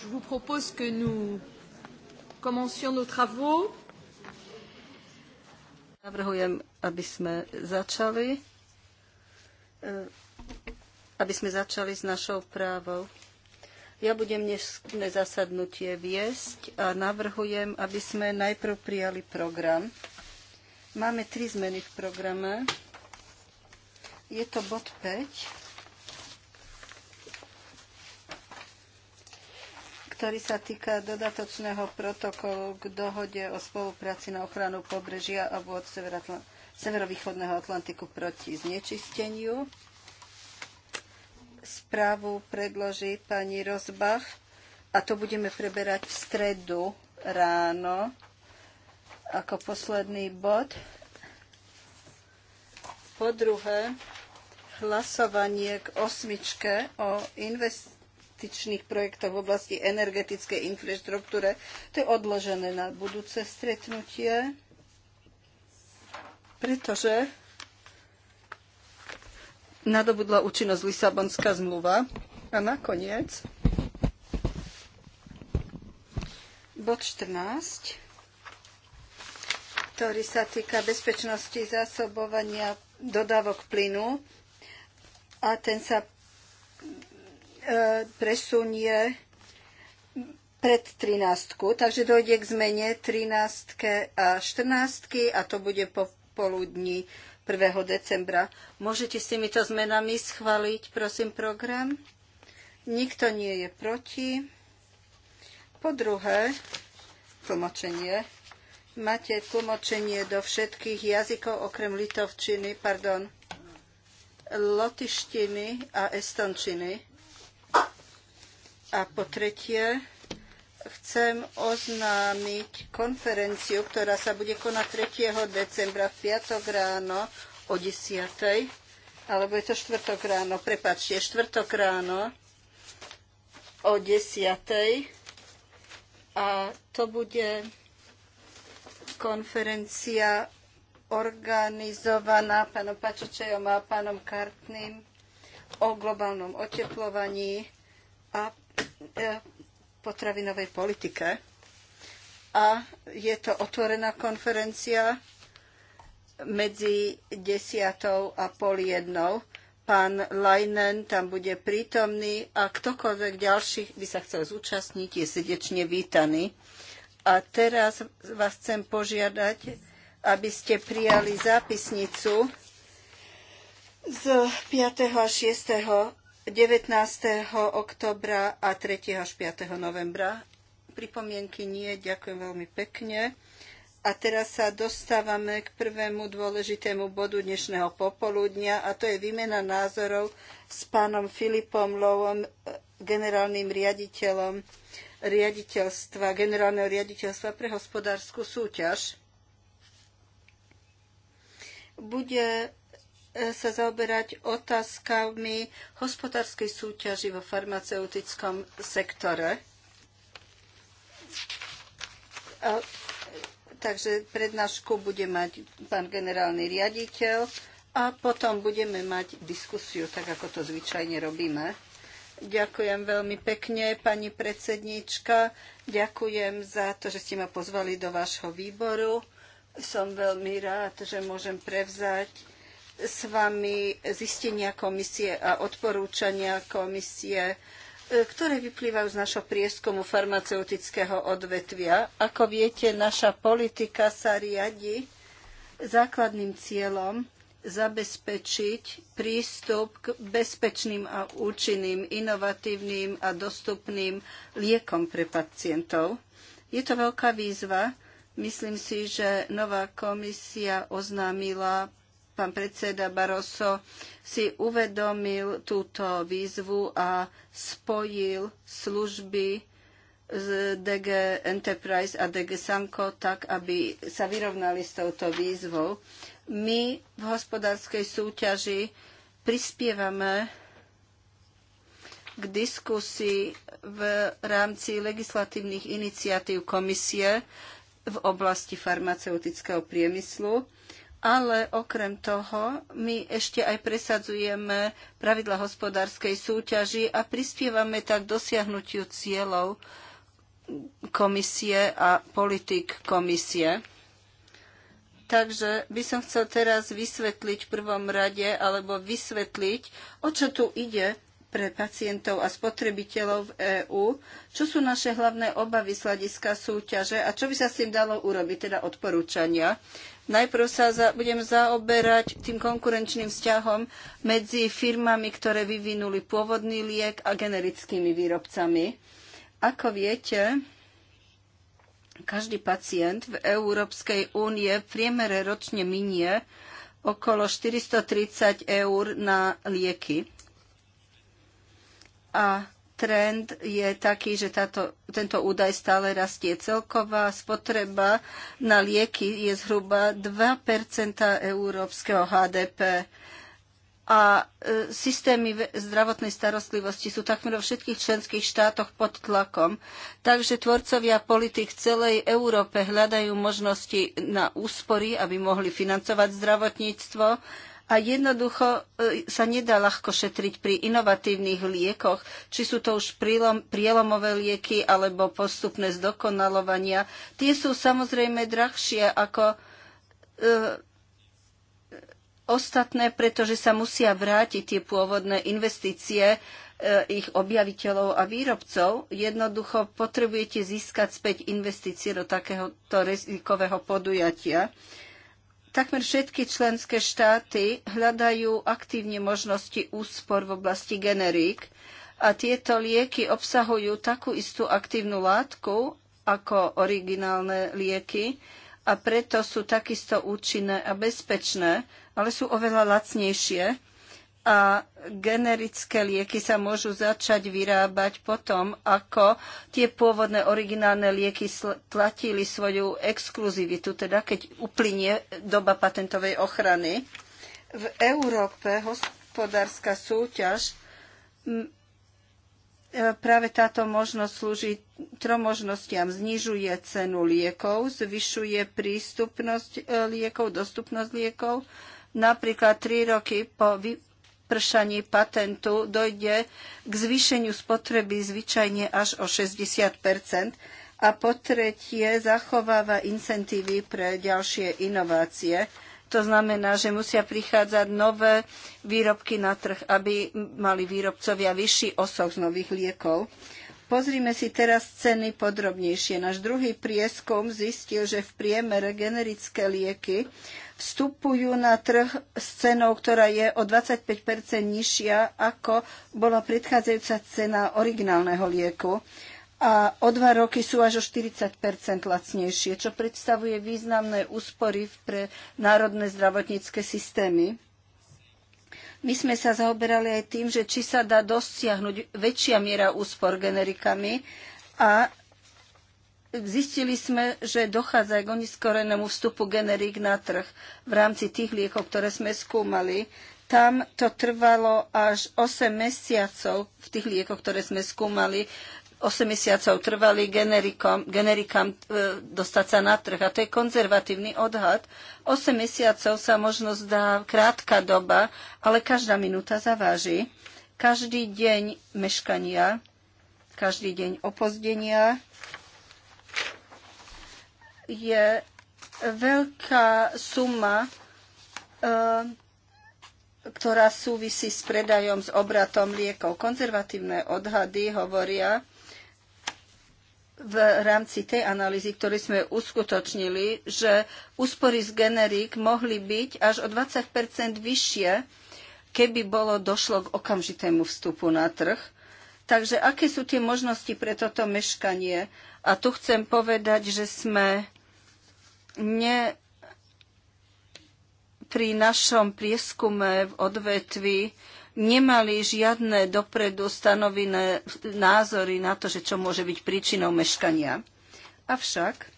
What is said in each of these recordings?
Je vous propose que nous commencions nos travaux. Navrhujem, aby sme začali, eh, aby sme začali s našou právou. Ja budem dnešné zasadnutie viesť a navrhujem, aby sme najprv prijali program. Máme tri zmeny v programe. Je to bod 5. ktorý sa týka dodatočného protokolu k dohode o spolupráci na ochranu pobrežia a vôd severovýchodného Atlantiku proti znečisteniu. Správu predloží pani Rozbach a to budeme preberať v stredu ráno ako posledný bod. Po druhé, hlasovanie k osmičke o investičných projektoch v oblasti energetickej infraštruktúre. To je odložené na budúce stretnutie, pretože nadobudla účinnosť Lisabonská zmluva. A nakoniec bod 14, ktorý sa týka bezpečnosti zásobovania dodávok plynu a ten sa e, presunie pred 13. Takže dojde k zmene 13. a 14. a to bude po poludní 1. decembra. Môžete s týmito zmenami schváliť, prosím, program? Nikto nie je proti. Po druhé, tlmočenie. Máte tlmočenie do všetkých jazykov okrem litovčiny, pardon, lotištiny a estončiny. A po tretie, chcem oznámiť konferenciu, ktorá sa bude konať 3. decembra v 5. ráno o 10. Alebo je to 4. ráno, prepačte, 4 ráno o 10. A to bude konferencia organizovaná pánom Pačičejom a pánom Kartným o globálnom oteplovaní a e, potravinovej politike. A je to otvorená konferencia medzi desiatou a pol jednou. Pán Leinen tam bude prítomný a ktokoľvek ďalší by sa chcel zúčastniť, je srdečne vítaný. A teraz vás chcem požiadať, aby ste prijali zápisnicu z 5. a 6. 19. oktobra a 3. až 5. novembra. Pripomienky nie, ďakujem veľmi pekne. A teraz sa dostávame k prvému dôležitému bodu dnešného popoludnia a to je výmena názorov s pánom Filipom Lovom, generálnym riaditeľom riaditeľstva, generálneho riaditeľstva pre hospodárskú súťaž bude e, sa zaoberať otázkami hospodárskej súťaži vo farmaceutickom sektore. A, takže prednášku bude mať pán generálny riaditeľ a potom budeme mať diskusiu, tak ako to zvyčajne robíme. Ďakujem veľmi pekne, pani predsednička. Ďakujem za to, že ste ma pozvali do vášho výboru. Som veľmi rád, že môžem prevzať s vami zistenia komisie a odporúčania komisie, e, ktoré vyplývajú z našho prieskumu farmaceutického odvetvia. Ako viete, naša politika sa riadi základným cieľom zabezpečiť prístup k bezpečným a účinným, inovatívnym a dostupným liekom pre pacientov. Je to veľká výzva, Myslím si, že nová komisia oznámila, pán predseda Barroso si uvedomil túto výzvu a spojil služby z DG Enterprise a DG Sanko tak, aby sa vyrovnali s touto výzvou. My v hospodárskej súťaži prispievame k diskusii v rámci legislatívnych iniciatív komisie v oblasti farmaceutického priemyslu, ale okrem toho my ešte aj presadzujeme pravidla hospodárskej súťaži a prispievame tak dosiahnutiu cieľov komisie a politik komisie. Takže by som chcel teraz vysvetliť v prvom rade, alebo vysvetliť, o čo tu ide pre pacientov a spotrebiteľov v EÚ. Čo sú naše hlavné obavy z hľadiska súťaže a čo by sa s tým dalo urobiť, teda odporúčania? Najprv sa za, budem zaoberať tým konkurenčným vzťahom medzi firmami, ktoré vyvinuli pôvodný liek a generickými výrobcami. Ako viete, každý pacient v Európskej únie v priemere ročne minie okolo 430 eur na lieky a trend je taký, že táto, tento údaj stále rastie. Celková spotreba na lieky je zhruba 2 európskeho HDP. A e, systémy zdravotnej starostlivosti sú takmer vo všetkých členských štátoch pod tlakom. Takže tvorcovia politik v celej Európe hľadajú možnosti na úspory, aby mohli financovať zdravotníctvo a jednoducho e, sa nedá ľahko šetriť pri inovatívnych liekoch, či sú to už prílom, prielomové lieky alebo postupné zdokonalovania. Tie sú samozrejme drahšie ako e, ostatné, pretože sa musia vrátiť tie pôvodné investície e, ich objaviteľov a výrobcov. Jednoducho potrebujete získať späť investície do takéhoto rizikového podujatia. E, Takmer všetky členské štáty hľadajú aktívne možnosti úspor v oblasti generík a tieto lieky obsahujú takú istú aktívnu látku ako originálne lieky a preto sú takisto účinné a bezpečné, ale sú oveľa lacnejšie a generické lieky sa môžu začať vyrábať potom, ako tie pôvodné originálne lieky platili svoju exkluzivitu, teda keď uplynie doba patentovej ochrany. V Európe hospodárska súťaž e, práve táto možnosť slúži trom možnostiam. Znižuje cenu liekov, zvyšuje prístupnosť e, liekov, dostupnosť liekov. Napríklad tri roky po pršanie patentu dojde k zvýšeniu spotreby zvyčajne až o 60 a po tretie zachováva incentívy pre ďalšie inovácie. To znamená, že musia prichádzať nové výrobky na trh, aby mali výrobcovia vyšší osoch z nových liekov. Pozrime si teraz ceny podrobnejšie. Náš druhý prieskum zistil, že v priemere generické lieky vstupujú na trh s cenou, ktorá je o 25 nižšia, ako bola predchádzajúca cena originálneho lieku. A o dva roky sú až o 40 lacnejšie, čo predstavuje významné úspory pre národné zdravotnícke systémy. My sme sa zaoberali aj tým, že či sa dá dosiahnuť väčšia miera úspor generikami a zistili sme, že dochádza k oniskorenému vstupu generík na trh v rámci tých liekov, ktoré sme skúmali. Tam to trvalo až 8 mesiacov v tých liekoch, ktoré sme skúmali, 8 mesiacov trvali generikom, generikám e, dostať sa na trh. A to je konzervatívny odhad. 8 mesiacov sa možno zdá krátka doba, ale každá minúta zaváži. Každý deň meškania, každý deň opozdenia je veľká suma, e, ktorá súvisí s predajom, s obratom liekov. Konzervatívne odhady hovoria, v rámci tej analýzy, ktorú sme uskutočnili, že úspory z generík mohli byť až o 20 vyššie, keby bolo došlo k okamžitému vstupu na trh. Takže aké sú tie možnosti pre toto meškanie? A tu chcem povedať, že sme ne, pri našom prieskume v odvetvi nemali žiadne dopredu stanovené názory na to, že čo môže byť príčinou meškania. Avšak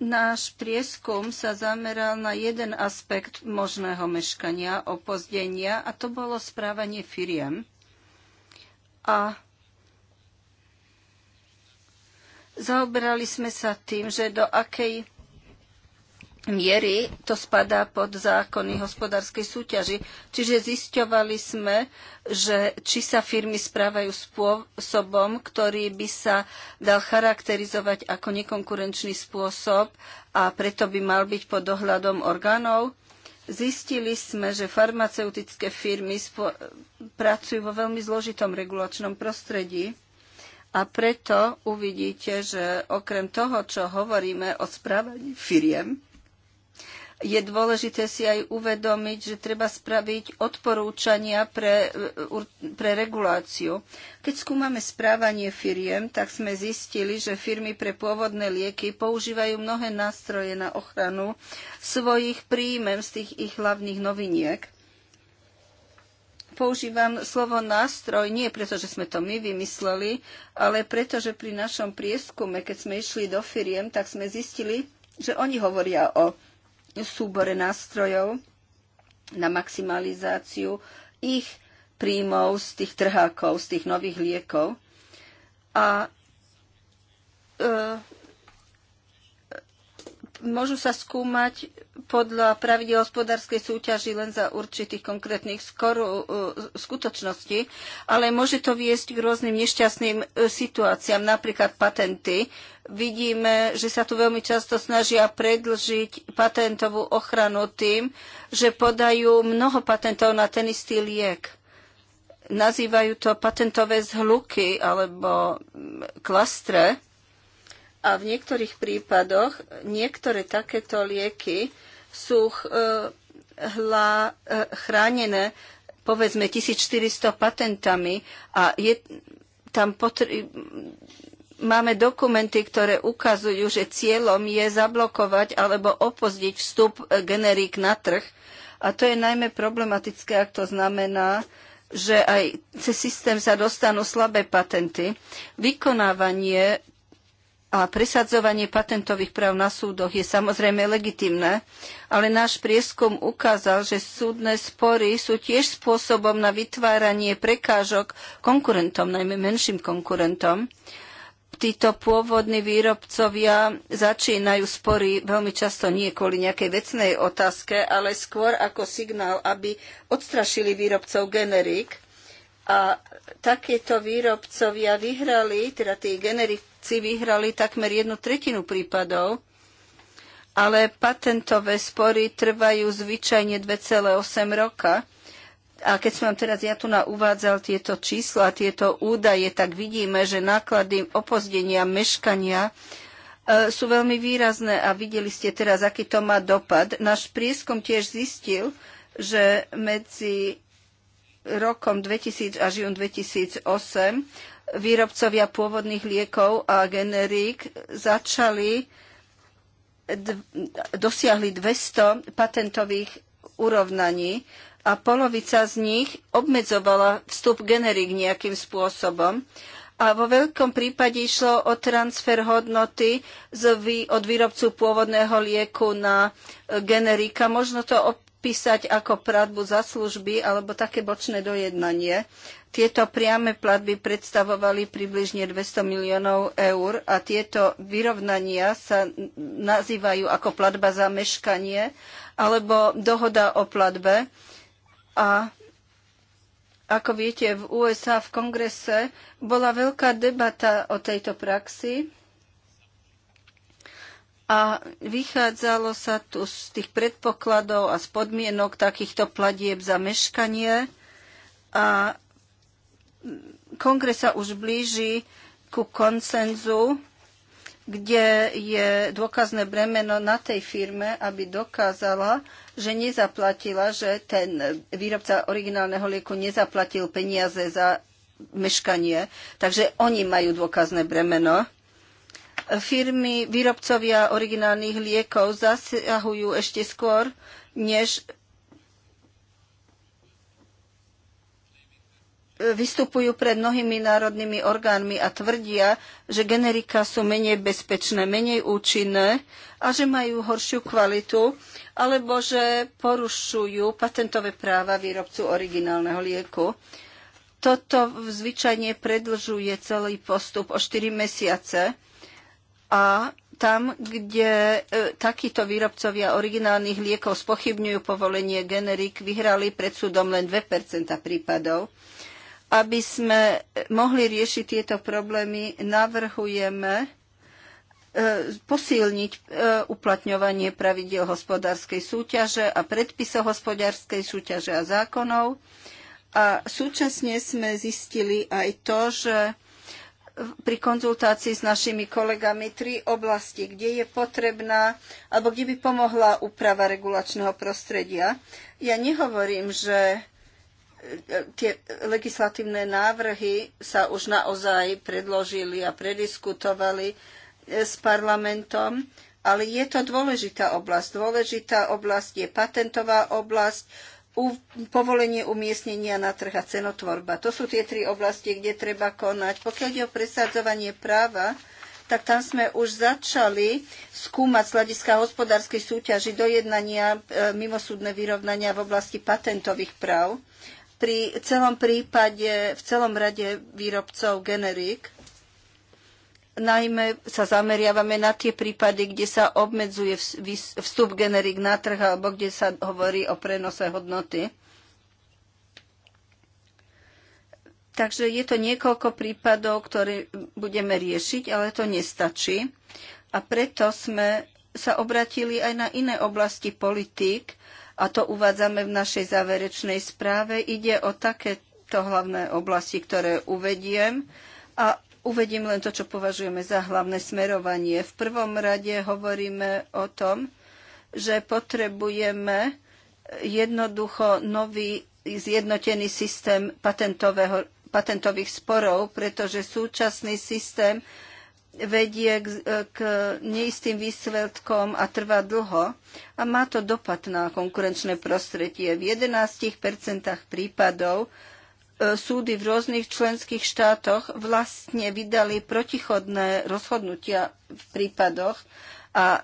náš prieskum sa zameral na jeden aspekt možného meškania, opozdenia, a to bolo správanie firiem. A zaoberali sme sa tým, že do akej miery to spadá pod zákony hospodárskej súťaži. Čiže zisťovali sme, že či sa firmy správajú spôsobom, ktorý by sa dal charakterizovať ako nekonkurenčný spôsob a preto by mal byť pod dohľadom orgánov. Zistili sme, že farmaceutické firmy pracujú vo veľmi zložitom regulačnom prostredí. A preto uvidíte, že okrem toho, čo hovoríme o správaní firiem, je dôležité si aj uvedomiť, že treba spraviť odporúčania pre, e, pre reguláciu. Keď skúmame správanie firiem, tak sme zistili, že firmy pre pôvodné lieky používajú mnohé nástroje na ochranu svojich príjmem z tých ich hlavných noviniek. Používam slovo nástroj nie preto, že sme to my vymysleli, ale preto, že pri našom prieskume, keď sme išli do firiem, tak sme zistili, že oni hovoria o súbore nástrojov na maximalizáciu ich príjmov z tých trhákov, z tých nových liekov. A e, môžu sa skúmať podľa pravidel hospodárskej súťaži len za určitých konkrétnych skoro, uh, skutočností, ale môže to viesť k rôznym nešťastným uh, situáciám, napríklad patenty. Vidíme, že sa tu veľmi často snažia predlžiť patentovú ochranu tým, že podajú mnoho patentov na ten istý liek. Nazývajú to patentové zhluky alebo mm, klastre a v niektorých prípadoch niektoré takéto lieky sú e, hla, e, chránené povedzme 1400 patentami a je tam potr- máme dokumenty, ktoré ukazujú, že cieľom je zablokovať alebo opozdiť vstup generík na trh. A to je najmä problematické, ak to znamená, že aj cez systém sa dostanú slabé patenty. Vykonávanie a presadzovanie patentových práv na súdoch je samozrejme legitimné, ale náš prieskum ukázal, že súdne spory sú tiež spôsobom na vytváranie prekážok konkurentom, najmä menším konkurentom. Títo pôvodní výrobcovia začínajú spory veľmi často nie kvôli nejakej vecnej otázke, ale skôr ako signál, aby odstrašili výrobcov generík a takíto výrobcovia vyhrali, teda tí generici vyhrali takmer jednu tretinu prípadov, ale patentové spory trvajú zvyčajne 2,8 roka. A keď som vám teraz ja tu na uvádzal tieto čísla, tieto údaje, tak vidíme, že náklady opozdenia, meškania e, sú veľmi výrazné a videli ste teraz, aký to má dopad. Náš prieskum tiež zistil, že medzi rokom 2000 až jún 2008 výrobcovia pôvodných liekov a generík začali dosiahli 200 patentových urovnaní a polovica z nich obmedzovala vstup generík nejakým spôsobom. A vo veľkom prípade išlo o transfer hodnoty z, od výrobcu pôvodného lieku na generika. Možno to písať ako platbu za služby alebo také bočné dojednanie. Tieto priame platby predstavovali približne 200 miliónov eur a tieto vyrovnania sa nazývajú ako platba za meškanie alebo dohoda o platbe. A ako viete, v USA v kongrese bola veľká debata o tejto praxi a vychádzalo sa tu z tých predpokladov a z podmienok takýchto platieb za meškanie. A kongres sa už blíži ku koncenzu, kde je dôkazné bremeno na tej firme, aby dokázala, že nezaplatila, že ten výrobca originálneho lieku nezaplatil peniaze za meškanie. Takže oni majú dôkazné bremeno firmy, výrobcovia originálnych liekov zasahujú ešte skôr, než vystupujú pred mnohými národnými orgánmi a tvrdia, že generika sú menej bezpečné, menej účinné a že majú horšiu kvalitu, alebo že porušujú patentové práva výrobcu originálneho lieku. Toto zvyčajne predlžuje celý postup o 4 mesiace a tam, kde e, takíto výrobcovia originálnych liekov spochybňujú povolenie generík, vyhrali pred súdom len 2 prípadov. Aby sme mohli riešiť tieto problémy, navrhujeme e, posilniť e, uplatňovanie pravidel hospodárskej súťaže a predpisov hospodárskej súťaže a zákonov. A súčasne sme zistili aj to, že pri konzultácii s našimi kolegami tri oblasti, kde je potrebná alebo kde by pomohla úprava regulačného prostredia. Ja nehovorím, že e, tie legislatívne návrhy sa už naozaj predložili a prediskutovali e, s parlamentom, ale je to dôležitá oblasť. Dôležitá oblasť je patentová oblasť, povolenie umiestnenia na trh a cenotvorba. To sú tie tri oblasti, kde treba konať. Pokiaľ ide o presadzovanie práva, tak tam sme už začali skúmať z hľadiska hospodárskej súťaži dojednania e, mimosúdne vyrovnania v oblasti patentových práv pri celom prípade, v celom rade výrobcov generík Najmä sa zameriavame na tie prípady, kde sa obmedzuje vstup generík na trh alebo kde sa hovorí o prenose hodnoty. Takže je to niekoľko prípadov, ktoré budeme riešiť, ale to nestačí. A preto sme sa obratili aj na iné oblasti politík, a to uvádzame v našej záverečnej správe. Ide o takéto hlavné oblasti, ktoré uvediem. A Uvedím len to, čo považujeme za hlavné smerovanie. V prvom rade hovoríme o tom, že potrebujeme jednoducho nový zjednotený systém patentových sporov, pretože súčasný systém vedie k, k neistým výsledkom a trvá dlho a má to dopad na konkurenčné prostredie. V 11% prípadov E, súdy v rôznych členských štátoch vlastne vydali protichodné rozhodnutia v prípadoch a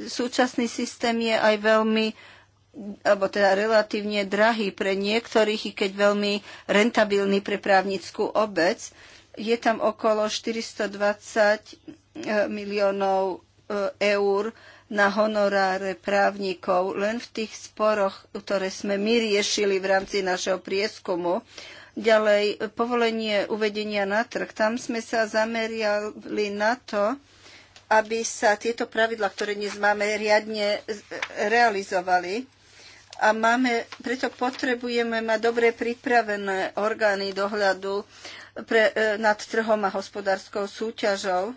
súčasný systém je aj veľmi alebo teda relatívne drahý pre niektorých, i keď veľmi rentabilný pre právnickú obec. Je tam okolo 420 e, miliónov e, eur na honoráre právnikov len v tých sporoch, ktoré sme my riešili v rámci našeho prieskumu. Ďalej, povolenie uvedenia na trh. Tam sme sa zameriali na to, aby sa tieto pravidla, ktoré dnes máme, riadne realizovali. A máme, preto potrebujeme mať dobre pripravené orgány dohľadu pre, e, nad trhom a hospodárskou súťažou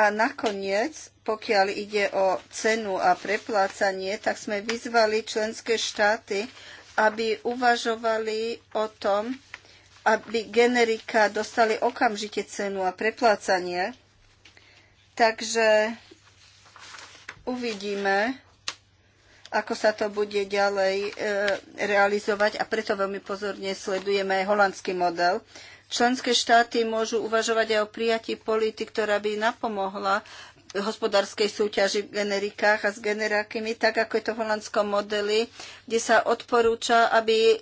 A nakoniec, pokiaľ ide o cenu a preplácanie, tak sme vyzvali členské štáty, aby uvažovali o tom, aby generika dostali okamžite cenu a preplácanie. Takže uvidíme, ako sa to bude ďalej e, realizovať a preto veľmi pozorne sledujeme aj holandský model. Členské štáty môžu uvažovať aj o prijatí politik, ktorá by napomohla hospodárskej súťaži v generikách a s generákymi, tak ako je to v holandskom modeli, kde sa odporúča, aby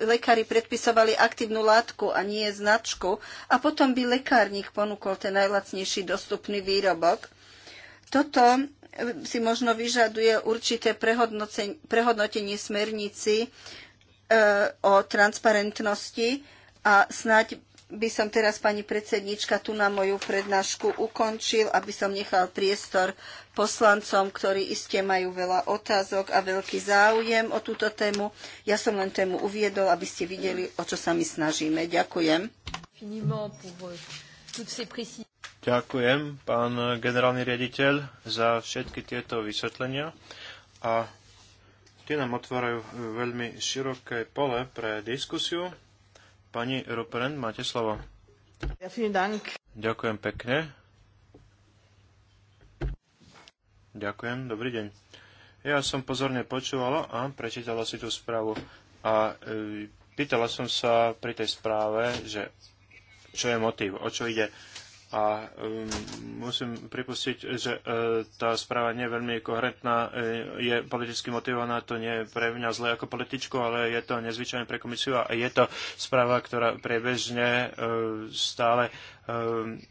lekári predpisovali aktívnu látku a nie značku a potom by lekárnik ponúkol ten najlacnejší dostupný výrobok. Toto e, si možno vyžaduje určité prehodnotenie smernici e, o transparentnosti, a snáď by som teraz, pani predsednička, tu na moju prednášku ukončil, aby som nechal priestor poslancom, ktorí iste majú veľa otázok a veľký záujem o túto tému. Ja som len tému uviedol, aby ste videli, o čo sa my snažíme. Ďakujem. Euh, Ďakujem, pán generálny riaditeľ, za všetky tieto vysvetlenia a tie nám otvárajú veľmi široké pole pre diskusiu. Pani Ruprend, máte slovo. Ja, dank. Ďakujem pekne. Ďakujem, dobrý deň. Ja som pozorne počúvala a prečítala si tú správu a e, pýtala som sa pri tej správe, že čo je motív, o čo ide a ehm, musím pripustiť, že e, tá správa nie je veľmi koherentná, e, je politicky motivovaná, to nie je pre mňa zle ako političku, ale je to nezvyčajné pre komisiu a je to správa, ktorá prebežne e, stále ehm,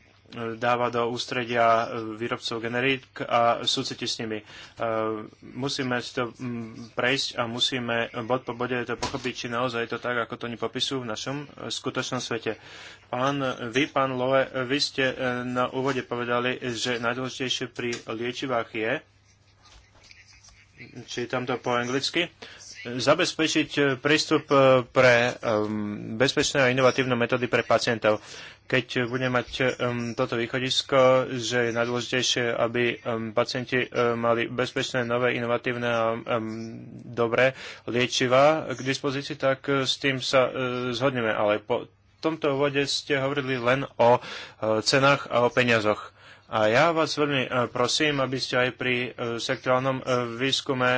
dáva do ústredia e, výrobcov generík a súciti s nimi. E, musíme si to mm, prejsť a musíme bod po bode to pochopiť, či naozaj je to tak, ako to oni popisujú v našom e, skutočnom svete. Pán, vy, pán Loe, vy ste na úvode povedali, že najdôležitejšie pri liečivách je čítam to po anglicky, zabezpečiť eh, prístup eh, pre bezpečné a inovatívne metódy pre pacientov. Keď budeme mať toto východisko, že je najdôležitejšie, aby pacienti eh, mali bezpečné, nové, inovatívne a dobré liečiva k dispozícii, tak s tým sa zhodneme. Ale po tomto úvode ste hovorili len o cenách a o peniazoch a ja vás veľmi e, prosím, aby ste aj pri e, sektuálnom e, výskume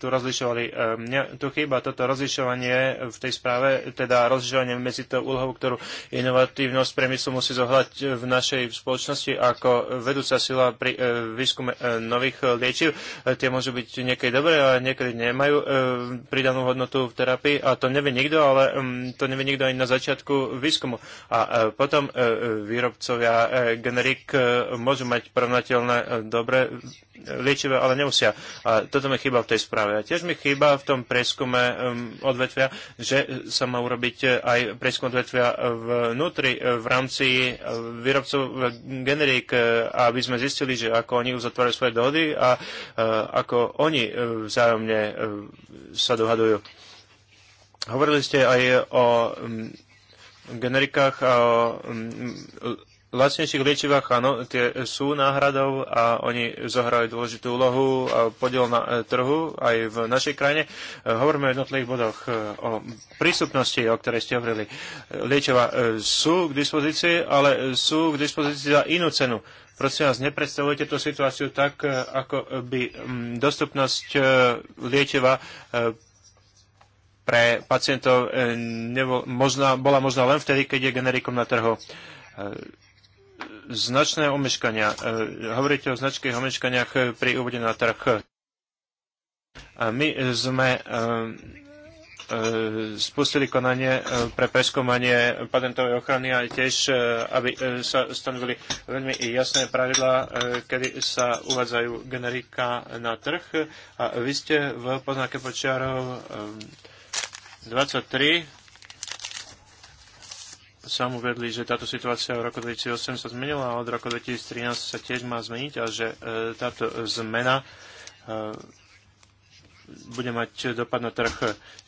tu rozlišovali. mňa. tu chýba toto rozlišovanie v tej správe, teda rozlišovanie medzi tou úlohou, ktorú inovatívnosť priemyslu musí zohľať v našej spoločnosti ako vedúca sila pri výskume nových liečiv. Tie môžu byť niekedy dobré ale niekedy nemajú pridanú hodnotu v terapii a to nevie nikto, ale mm, to nevie nikto ani na začiatku výskumu. A potom výrobcovia generik môžu mať porovnateľné e, dobre liečivé, ale nemusia. A toto mi chýba v tej správe. A tiež mi chýba v tom preskume odvetvia, že sa má urobiť e, aj preskum odvetvia vnútri e, v rámci výrobcov generík, aby sme zistili, že ako oni uzatvárajú svoje dohody a ako oni vzájomne sa dohadujú. Hovorili ste aj o generikách a o lacnejších liečivách, áno, tie sú náhradou a oni zohrajú dôležitú úlohu a podiel na e, trhu aj v našej krajine. E, hovoríme o jednotlivých bodoch, e, o prístupnosti, o ktorej ste hovorili. Liečiva sú k dispozícii, ale sú k dispozícii za inú cenu. Prosím vás, nepredstavujte tú situáciu tak, ako by dostupnosť liečiva pre pacientov nebol, možná, bola možná len vtedy, keď je generikom na trhu značné omeškania. E, hovoríte o značkých omeškaniach e, pri úvode na trh. A my e, sme spustili konanie pre preskúmanie patentovej ochrany a tiež, aby sa stanovili veľmi jasné pravidlá, kedy sa uvádzajú generika na trh. A vy ste v poznáke počiarov 23 sám uvedli, že táto situácia v roku 2008 sa zmenila a od roku 2013 sa tiež má zmeniť a že e, táto zmena e, bude mať dopad na trh.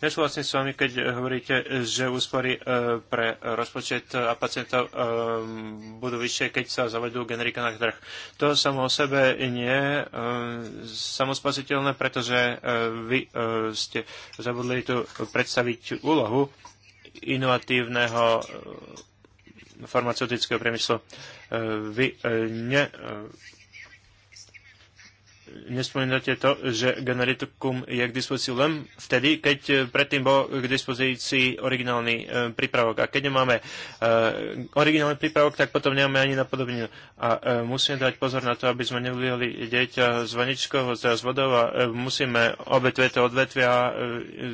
Ja vlastne s vami, keď hovoríte, že úspory e, pre rozpočet a pacientov budú vyššie, keď sa zavedú generika na trh. To samo o sebe nie je samospasiteľné, pretože vy ste zabudli tu predstaviť úlohu inovatívneho eh, farmaceutického priemyslu. Eh, vy eh, ne nespomínate to, že generikum je k dispozícii len vtedy, keď e, predtým bol k dispozícii originálny e, prípravok. A keď nemáme e, originálny prípravok, tak potom nemáme ani napodobninu. A musíme dať pozor na to, aby sme nevlili dieťa z vaničkoho, z vodov a musíme obe tieto odvetvia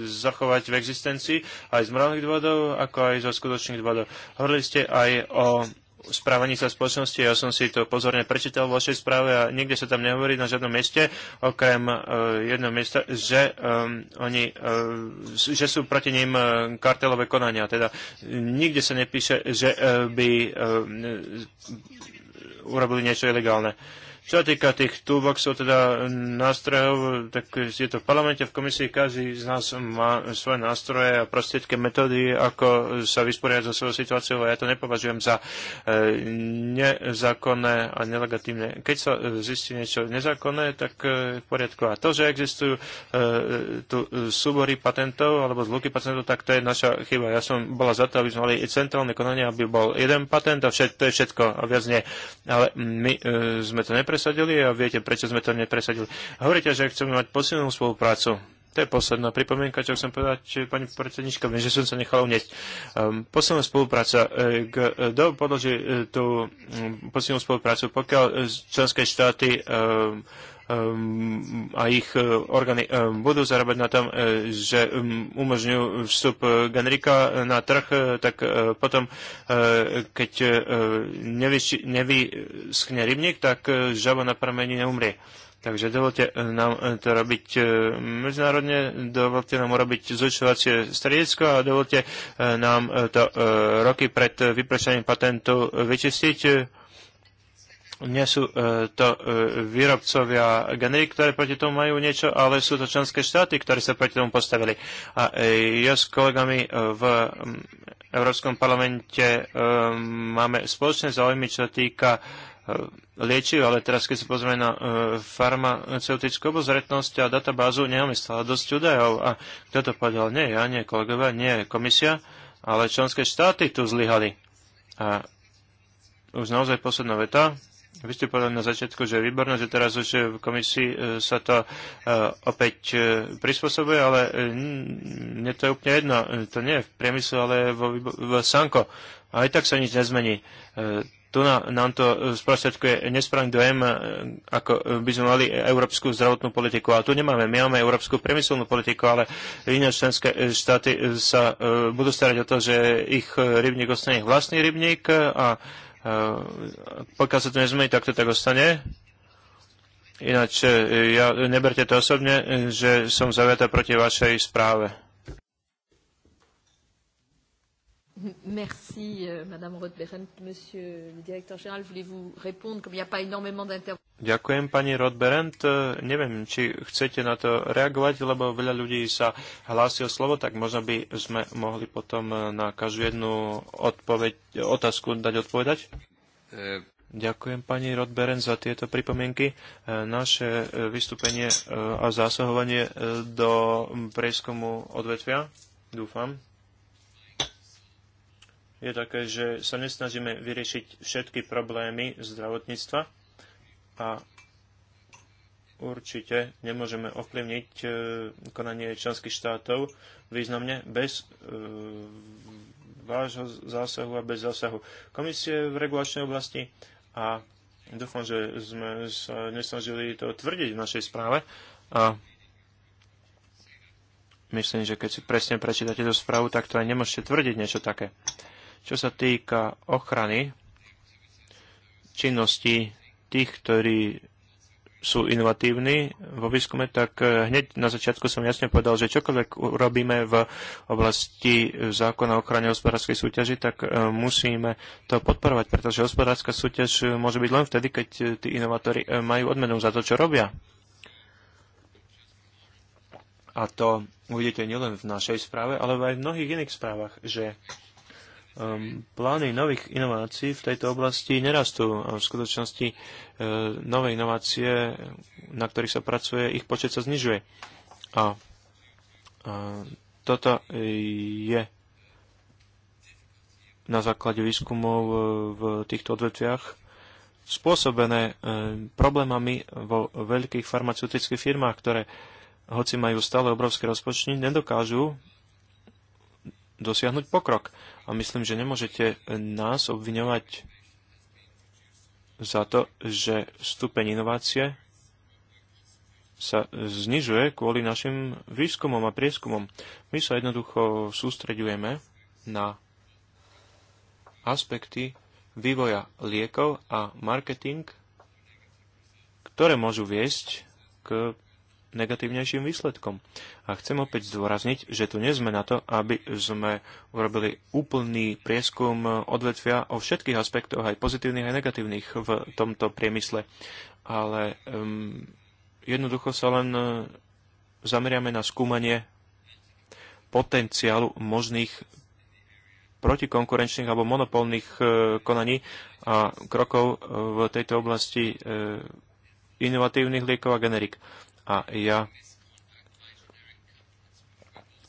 zachovať v existencii aj z morálnych dôvodov, ako aj zo skutočných dôvodov. Hovorili ste aj o správaní sa spoločnosti. Ja som si to pozorne prečítal v vašej správe a nikde sa tam nehovorí na žiadnom mieste, okrem uh, jedného miesta, že, um, oni, uh, že sú proti ním kartelové konania. Teda nikde sa nepíše, že uh, by uh, urobili niečo ilegálne. Uh, čo sa týka tých túboxov, teda eh, nástrojov, tak je to v parlamente, v komisii, každý z nás má svoje nástroje a prostriedky, metódy, ako sa vysporiadať so svojou situáciou a ja to nepovažujem za eh, nezákonné a nelegatívne. Keď sa eh, zistí niečo nezákonné, tak v poriadku. A to, že existujú tu súbory patentov alebo zvuky patentov, tak to je naša chyba. Ja som bola za to, aby sme mali centrálne konanie, aby bol jeden patent a všet, to je všetko a viac nie. Ale my sme to neprečítali nepresadili a viete, prečo sme to nepresadili. Hovoríte, že chceme mať posilnú spoluprácu. To je posledná pripomienka, čo chcem povedať, pani predsednička, viem, že som sa nechal unieť. Um, posledná spolupráca. Eh, Kto eh, podloží eh, tú mm, posilnú spoluprácu, pokiaľ členské štáty um, Ehm, a ich e, orgány e, budú zarábať na tom, e, že umožňujú vstup generika na trh, tak potom, keď nevyschne rybník, tak žaba na pramení neumrie. Takže dovolte nám to robiť medzinárodne, dovolte nám urobiť zúčtovacie stredisko a dovolte nám to roky pred vypršaním patentu vyčistiť nie sú to e, výrobcovia generík, ktoré proti tomu majú niečo, ale sú to členské štáty, ktoré sa proti tomu postavili. A e, ja s kolegami e, v Európskom parlamente máme spoločné záujmy, čo týka liečiv, ale teraz keď sa pozrieme na e, farmaceutickú obozretnosť a databázu, nemáme stále dosť údajov. A kto to povedal? Nie ja, nie kolegovia, nie komisia, ale členské štáty tu zlyhali. A už naozaj posledná veta. Vy ste povedali na začiatku, že je výborné, že teraz už e, v komisii e, sa to e, opäť prispôsobuje, ale mne to je úplne jedno. To nie je v priemysle, ale vo, v Sanko. A aj tak sa nič nezmení. Tu nám to sprostredkuje nesprávny dojem, ako by sme mali európsku zdravotnú politiku. A tu nemáme. My máme európsku priemyselnú politiku, ale iné členské štáty sa budú starať o to, že ich rybník ostane vlastný rybník a Eh, pokiaľ sa to nezmení, tak to tak ostane. Ináč, eh, ja, neberte to osobne, eh, že som zaviatá proti vašej správe. Merci, euh, Madame Rodberen. Monsieur le directeur général, voulez-vous répondre, comme il n'y a pas énormément d'interventions? Ďakujem, pani Rodberent. E, neviem, či chcete na to reagovať, lebo veľa ľudí sa hlási o slovo, tak možno by sme mohli potom e, na každú jednu odpoveď, otázku dať odpovedať. E. Ďakujem pani Rodberent, za tieto pripomienky. Naše vystúpenie a zásahovanie do prieskumu odvetvia, dúfam, je také, že sa nesnažíme vyriešiť všetky problémy zdravotníctva a určite nemôžeme ovplyvniť e, konanie členských štátov významne bez e, vášho zásahu a bez zásahu komisie v regulačnej oblasti a dúfam, že sme sa nesnažili to tvrdiť v našej správe a myslím, že keď si presne prečítate tú správu, tak to aj nemôžete tvrdiť niečo také. Čo sa týka ochrany činnosti tých, ktorí sú inovatívni vo výskume, tak hneď na začiatku som jasne povedal, že čokoľvek urobíme v oblasti zákona o ochrane hospodárskej súťaži, tak e, musíme to podporovať, pretože hospodárska súťaž môže byť len vtedy, keď tí inovatóri e, majú odmenu za to, čo robia. A to uvidíte nielen v našej správe, ale aj v mnohých iných správach, že um, plány nových inovácií v tejto oblasti nerastú. v skutočnosti uh, nové inovácie, na ktorých sa pracuje, ich počet sa znižuje. A, uh, toto je na základe výskumov e, v týchto odvetviach spôsobené e, problémami vo veľkých farmaceutických firmách, ktoré hoci majú stále obrovské rozpočty, nedokážu dosiahnuť pokrok. A myslím, že nemôžete nás obviňovať za to, že stupeň inovácie sa znižuje kvôli našim výskumom a prieskumom. My sa jednoducho sústreďujeme na aspekty vývoja liekov a marketing, ktoré môžu viesť k negatívnejším výsledkom. A chcem opäť zdôrazniť, že tu nie sme na to, aby sme urobili úplný prieskum odvetvia o všetkých aspektoch, aj pozitívnych, aj negatívnych v tomto priemysle. Ale um, jednoducho sa len e, zameriame na skúmanie potenciálu možných protikonkurenčných alebo monopolných e, konaní a krokov e, v tejto oblasti inovatívnych liekov a generík a ja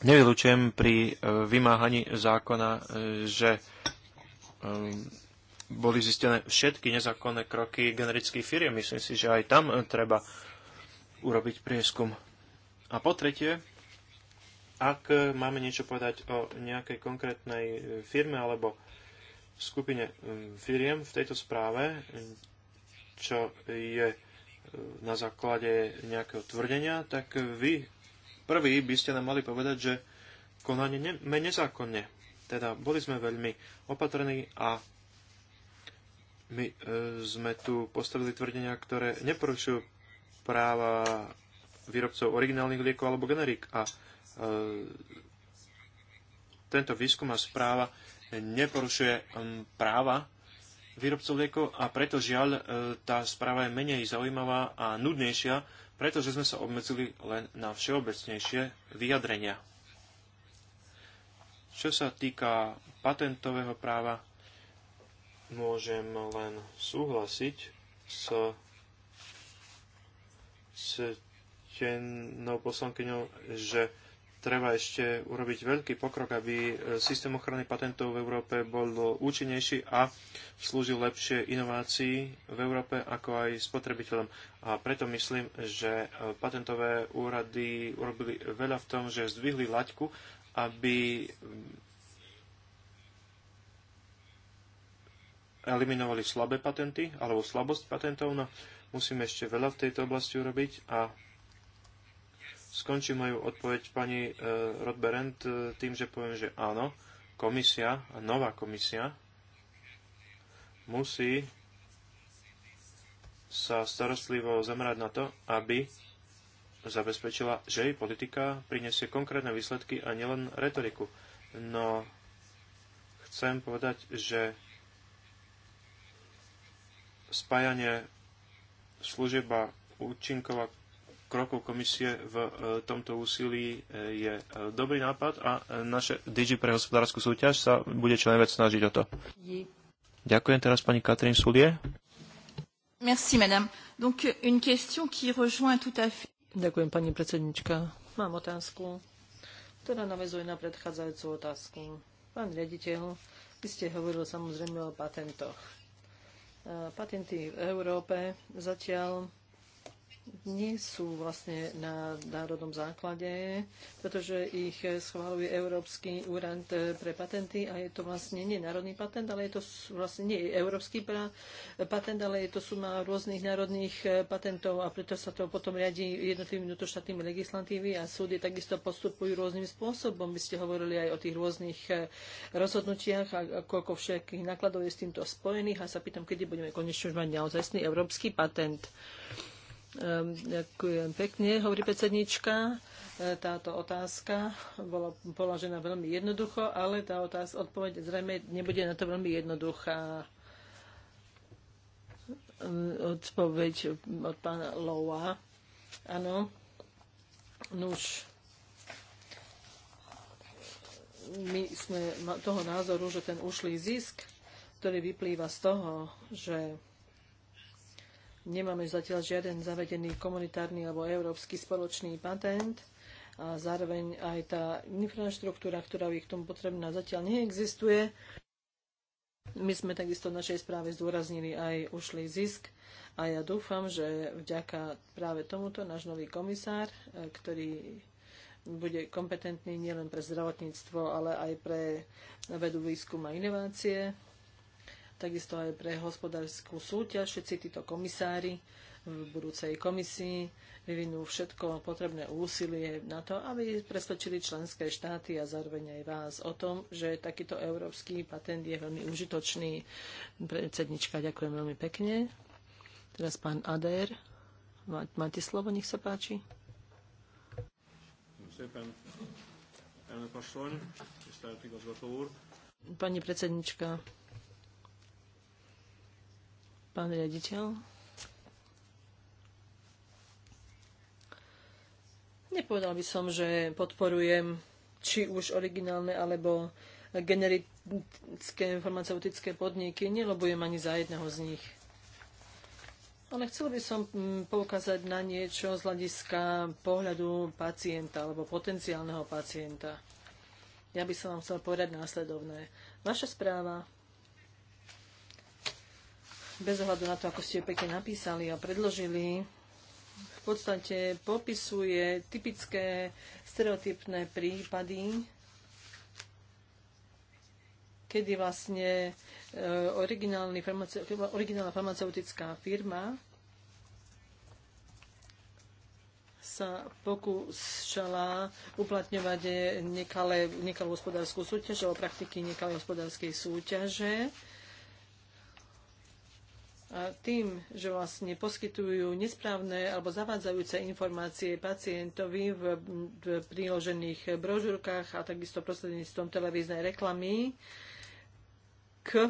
nevylučujem pri e, vymáhaní zákona, e, že e, boli zistené všetky nezákonné kroky generických firiem. Myslím si, že aj tam treba urobiť prieskum. A po tretie, ak máme niečo povedať o nejakej konkrétnej firme alebo skupine firiem v tejto správe, čo je na základe nejakého tvrdenia, tak vy prvý by ste nám mali povedať, že konanie ne, nezákonne. Teda boli sme veľmi opatrní a my e, sme tu postavili tvrdenia, ktoré neporušujú práva výrobcov originálnych liekov alebo generík. A e, tento výskum a správa neporušuje práva výrobcov liekov a preto žiaľ e, tá správa je menej zaujímavá a nudnejšia, pretože sme sa obmedzili len na všeobecnejšie vyjadrenia. Čo sa týka patentového práva, môžem len súhlasiť s, s tenou poslankyňou, že treba ešte urobiť veľký pokrok, aby e, systém ochrany patentov v Európe bol účinnejší a slúžil lepšie inovácii v Európe ako aj spotrebiteľom. A preto myslím, že e, patentové úrady urobili veľa v tom, že zdvihli laťku, aby mm, eliminovali slabé patenty alebo slabosť patentov, no musíme ešte veľa v tejto oblasti urobiť a Skončím moju odpoveď pani e, eh, Rodberent eh, tým, že poviem, že áno, komisia, nová komisia musí sa starostlivo zamerať na to, aby zabezpečila, že jej politika prinesie konkrétne výsledky a nielen retoriku. No chcem povedať, že spájanie služieb a účinkov a krokov komisie v e, tomto úsilí e, je e, dobrý nápad a naše DG pre hospodárskú súťaž sa bude čo najviac snažiť o to. Ďakujem teraz pani Katrin Sulie. Merci, madame. Donc, une question qui rejoint tout à fait... Ďakujem, pani predsednička. Mám otázku, ktorá navezuje na predchádzajúcu otázku. Pán riaditeľ, vy ste hovorili samozrejme o patentoch. Patenty v Európe zatiaľ nie sú vlastne na národnom základe, pretože ich schváluje Európsky úrad pre patenty a je to vlastne nie národný patent, ale je to vlastne nie európsky patent, ale je to suma rôznych národných eh, patentov a preto sa to potom riadi jednotlivými vnútroštátnymi legislatívy a súdy takisto postupujú rôznym spôsobom. Vy ste hovorili aj o tých rôznych eh, rozhodnutiach a koľko všetkých nákladov je s týmto spojených a sa pýtam, kedy budeme konečne už mať naozajstný európsky patent. Ehm, ďakujem pekne, hovorí predsednička. E, táto otázka bola položená veľmi jednoducho, ale tá otázka, odpoveď zrejme nebude na to veľmi jednoduchá. Ehm, odpoveď od pána Lowa. Áno. Nuž. My sme toho názoru, že ten ušlý zisk, ktorý vyplýva z toho, že Nemáme zatiaľ žiaden zavedený komunitárny alebo európsky spoločný patent a zároveň aj tá infraštruktúra, ktorá je k tomu potrebná, zatiaľ neexistuje. My sme takisto v našej správe zdôraznili aj ušlý zisk a ja dúfam, že vďaka práve tomuto náš nový komisár, eh, ktorý bude kompetentný nielen pre zdravotníctvo, ale aj pre vedu, výskum a inovácie, takisto aj pre hospodárskú súťaž. Všetci títo komisári v budúcej komisii vyvinú všetko potrebné úsilie na to, aby presvedčili členské štáty a zároveň aj vás o tom, že takýto európsky patent je veľmi užitočný. Predsednička, ďakujem veľmi pekne. Teraz pán Adér. Máte slovo, nech sa páči. Pani predsednička, Pán riaditeľ. Nepovedal by som, že podporujem či už originálne alebo generické farmaceutické podniky. Nelobujem ani za jedného z nich. Ale chcel by som mm, poukázať na niečo z hľadiska pohľadu pacienta alebo potenciálneho pacienta. Ja by som vám chcel povedať následovné. Vaša správa bez ohľadu na to, ako ste ju pekne napísali a predložili, v podstate popisuje typické stereotypné prípady, kedy vlastne e, farmace, originálna farmaceutická firma sa pokúšala uplatňovať nekalé, nekalú hospodárskú súťaž alebo praktiky nekalej hospodárskej súťaže a tým, že vlastne poskytujú nesprávne alebo zavádzajúce informácie pacientovi v, v príložených brožúrkach a takisto prostredníctvom televíznej reklamy k e,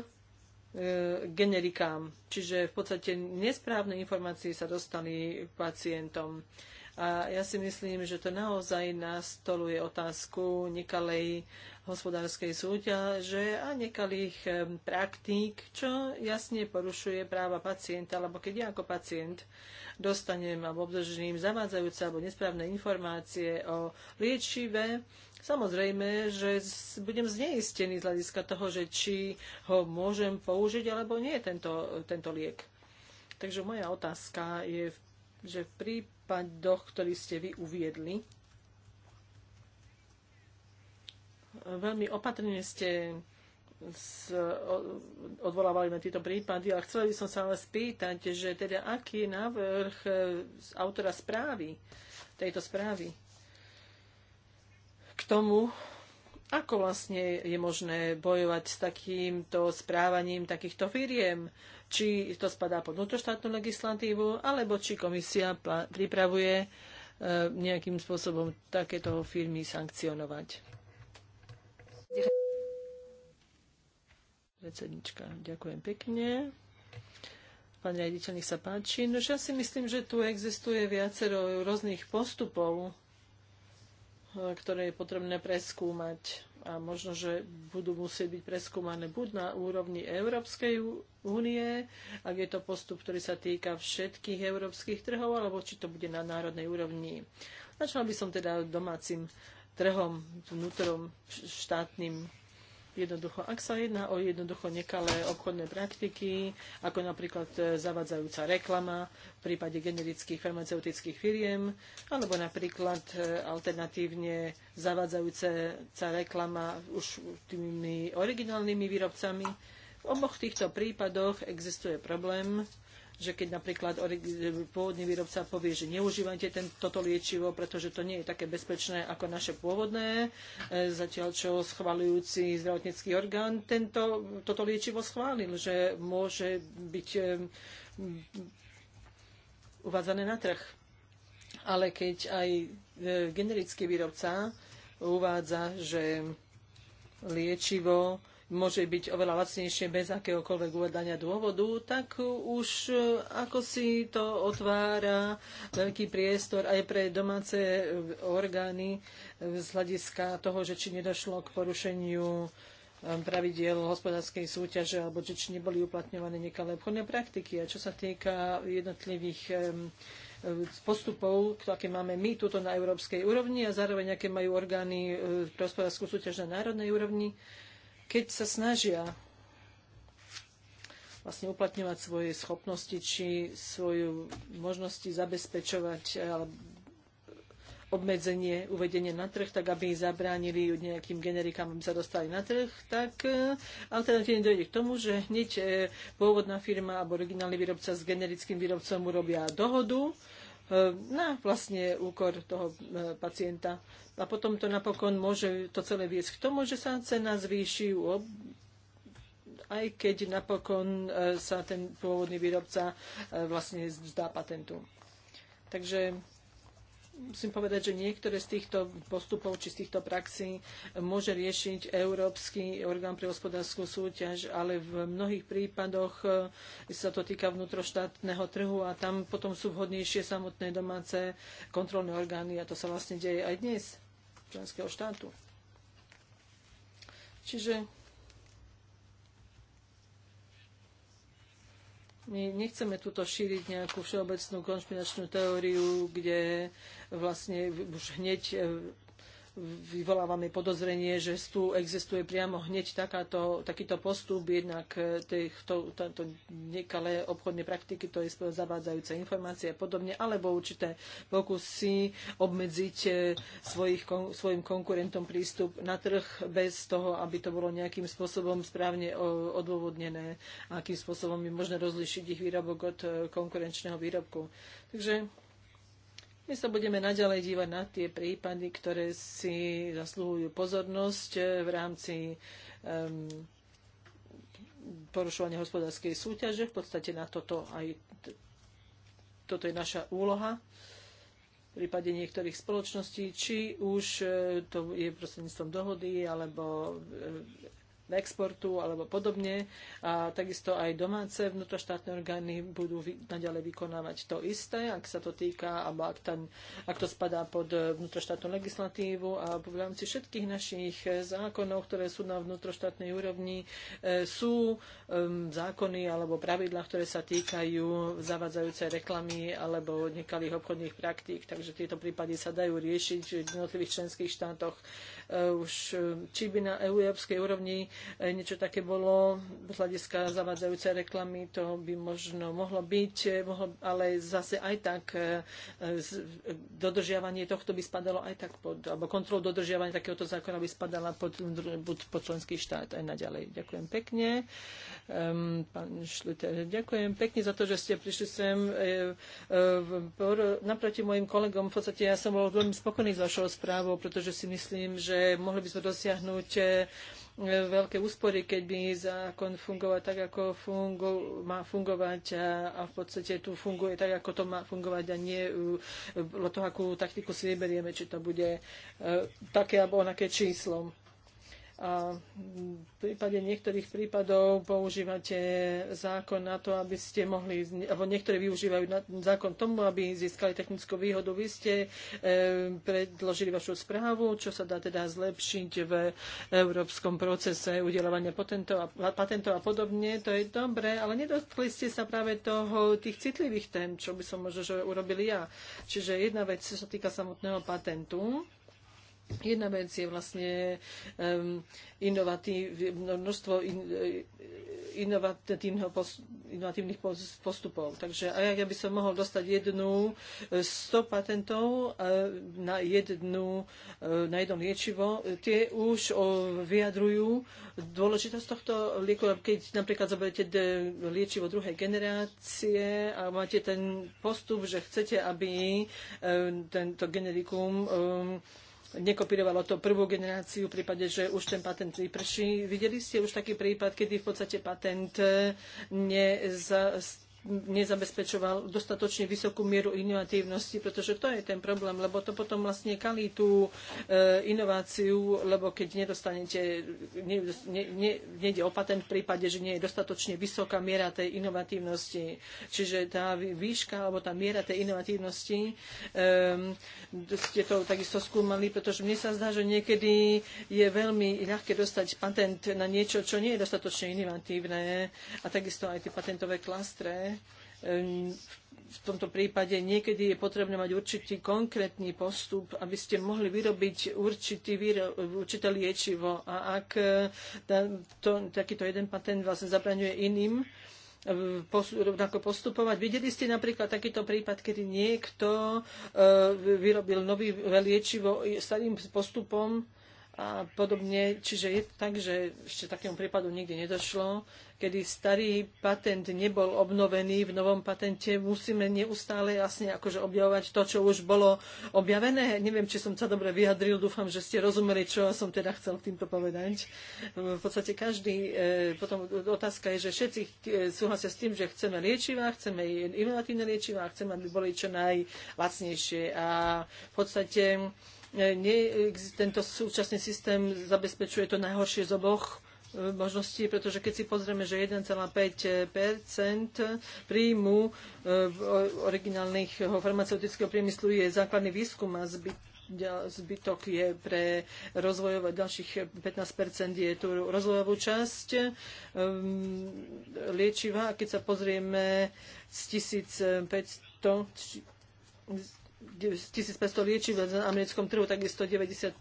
generikám. Čiže v podstate nesprávne informácie sa dostali k pacientom. A ja si myslím, že to naozaj nastoluje otázku nekalej hospodárskej súťaže a nekalých praktík, čo jasne porušuje práva pacienta, lebo keď ja ako pacient dostanem alebo obdržím zavádzajúce alebo nesprávne informácie o liečive, Samozrejme, že budem zneistený z hľadiska toho, že či ho môžem použiť alebo nie tento, tento liek. Takže moja otázka je, že v prípade prípadoch, ktorý ste vy uviedli. Veľmi opatrne ste z, odvolávali na tieto prípady, ale chcela by som sa ale spýtať, že teda aký je návrh e, z autora správy, tejto správy k tomu, ako vlastne je možné bojovať s takýmto správaním takýchto firiem? Či to spadá pod vnútroštátnu legislatívu, alebo či komisia pripravuje e, nejakým spôsobom takéto firmy sankcionovať? Predsednička, ďakujem pekne. Pán riaditeľ, nech sa páči. No, ja si myslím, že tu existuje viacero rôznych postupov ktoré je potrebné preskúmať a možno, že budú musieť byť preskúmané buď na úrovni Európskej únie, ak je to postup, ktorý sa týka všetkých európskych trhov, alebo či to bude na národnej úrovni. Začala by som teda domácim trhom, vnútorom štátnym Jednoducho, ak sa jedná o jednoducho nekalé obchodné praktiky, ako napríklad e, zavadzajúca reklama v prípade generických farmaceutických firiem, alebo napríklad e, alternatívne zavadzajúca reklama už tými originálnymi výrobcami, v oboch týchto prípadoch existuje problém, že keď napríklad pôvodný výrobca povie, že neužívajte toto liečivo, pretože to nie je také bezpečné ako naše pôvodné, e, zatiaľ čo schvalujúci zdravotnícky orgán tento, toto liečivo schválil, že môže byť e, uvádzané na trh. Ale keď aj e, generický výrobca uvádza, že liečivo môže byť oveľa lacnejšie bez akéhokoľvek uvedania dôvodu, tak už e, ako si to otvára veľký priestor aj pre domáce e, orgány e, z hľadiska toho, že či nedošlo k porušeniu pravidiel hospodárskej súťaže alebo že či neboli uplatňované nekalé obchodné praktiky. A čo sa týka jednotlivých postupov, aké máme my tuto na európskej úrovni a zároveň aké majú orgány hospodárskú súťaž na národnej úrovni, keď sa snažia vlastne uplatňovať svoje schopnosti či svoju možnosti zabezpečovať eh, obmedzenie uvedenie na trh, tak aby zabránili nejakým generikám, aby sa dostali na trh, tak eh, alternatívne dojde k tomu, že hneď eh, pôvodná firma alebo originálny výrobca s generickým výrobcom urobia dohodu E, na vlastne úkor toho e, pacienta. A potom to napokon môže to celé viesť k tomu, že sa cena zvýši aj keď napokon e, sa ten pôvodný výrobca vlastne vzdá patentu. Takže musím povedať, že niektoré z týchto postupov či z týchto praxí môže riešiť Európsky orgán pre hospodárskú súťaž, ale v mnohých prípadoch eh, sa to týka vnútroštátneho trhu a tam potom sú vhodnejšie samotné domáce kontrolné orgány a to sa vlastne deje aj dnes členského štátu. Čiže My nechceme tuto šíriť nejakú všeobecnú konšpiračnú teóriu, kde vlastne už hneď e, vyvolávame podozrenie, že tu existuje priamo hneď takáto, takýto postup, jednak e, týchto, táto nekalé obchodné praktiky, to je zavádzajúce informácie a podobne, alebo určité pokusy obmedziť e, svojich, svojim konkurentom prístup na trh bez toho, aby to bolo nejakým spôsobom správne odôvodnené, akým spôsobom je možné rozlišiť ich výrobok od konkurenčného výrobku. Takže my sa budeme naďalej dívať na tie prípady, ktoré si zaslúhujú pozornosť eh, v rámci um, porušovania hospodárskej súťaže. V podstate na toto aj toto je naša úloha v prípade niektorých spoločností, či už eh, to je prostredníctvom dohody alebo eh, exportu alebo podobne. A takisto aj domáce vnútroštátne orgány budú naďalej vykonávať to isté, ak sa to týka, alebo ak, tam, ak to spadá pod vnútroštátnu legislatívu. A v rámci všetkých našich zákonov, ktoré sú na vnútroštátnej úrovni, e, sú zákony alebo pravidlá, ktoré sa týkajú zavadzajúcej reklamy alebo nekalých obchodných praktík. Takže tieto prípady sa dajú riešiť v jednotlivých členských štátoch Eh, už eh, či by na európskej úrovni eh, niečo také bolo z hľadiska zavádzajúcej reklamy, to by možno mohlo byť, mohlo, ale zase aj tak dodržiavanie tohto by spadalo aj tak pod, alebo kontrol dodržiavania takéhoto zákona by spadala pod, pod, pod členský štát aj naďalej. Ďakujem pekne. Um, pán Šluter, ďakujem pekne za to, že ste prišli sem naproti mojim kolegom. V podstate ja som bol veľmi spokojný s vašou správou, pretože si myslím, že že mohli by sme dosiahnuť e, veľké úspory, keď by zákon fungovať tak, ako fungo, má fungovať a, a v podstate tu funguje tak, ako to má fungovať a nie podľa toho, akú taktiku si vyberieme, či to bude uh, také alebo onaké číslo a v prípade niektorých prípadov používate zákon na to, aby ste mohli, alebo niektorí využívajú zákon tomu, aby získali technickú výhodu. Vy ste e, predložili vašu správu, čo sa dá teda zlepšiť v európskom procese udelovania patentov a, patentov a podobne. To je dobré, ale nedotkli ste sa práve toho, tých citlivých tém, čo by som možno urobil ja. Čiže jedna vec, čo sa týka samotného patentu, Jedna vec je vlastne um, inovatív, no, množstvo in, e, post, inovatívnych postupov. Takže aj ak by som mohol dostať jednu 100 e, patentov e, na, jednu, na jedno liečivo, tie už vyjadrujú dôležitosť tohto lieku. Keď napríklad zoberiete liečivo druhej generácie a máte ten postup, že chcete, aby tento generikum um, nekopírovalo to prvú generáciu v prípade, že už ten patent vyprší. Videli ste už taký prípad, kedy v podstate patent eh, nezastal nezabezpečoval dostatočne vysokú mieru inovatívnosti, pretože to je ten problém, lebo to potom vlastne kalí tú e, inováciu, lebo keď nedostanete, ne, ne, ne, nejde o patent v prípade, že nie je dostatočne vysoká miera tej inovatívnosti. Čiže tá výška alebo tá miera tej inovatívnosti, e, ste to takisto skúmali, pretože mne sa zdá, že niekedy je veľmi ľahké dostať patent na niečo, čo nie je dostatočne inovatívne a takisto aj tie patentové klastre v tomto prípade niekedy je potrebné mať určitý konkrétny postup, aby ste mohli vyrobiť určitý, určité liečivo. A ak e, to, takýto jeden patent vlastne zabraňuje iným, e, rovnako postupovať. Videli ste napríklad takýto prípad, kedy niekto e, vyrobil nový liečivo starým postupom, a podobne. Čiže je to tak, že ešte takému prípadu nikdy nedošlo, kedy starý patent nebol obnovený v novom patente. Musíme neustále jasne akože objavovať to, čo už bolo objavené. Neviem, či som sa dobre vyjadril, dúfam, že ste rozumeli, čo som teda chcel týmto povedať. V podstate každý, e, potom otázka je, že všetci e, súhlasia s tým, že chceme liečiva, chceme inovatívne liečiva, chceme, aby boli čo najlacnejšie. A v podstate nie, tento súčasný systém zabezpečuje to najhoršie z oboch e, možností, pretože keď si pozrieme, že 1,5 príjmu e, originálneho farmaceutického priemyslu je základný výskum a zbyt zbytok je pre rozvojové, ďalších 15% je tu rozvojovú časť um, liečiva. A keď sa pozrieme z 1500 1500 liečiv na americkom trhu, takisto 90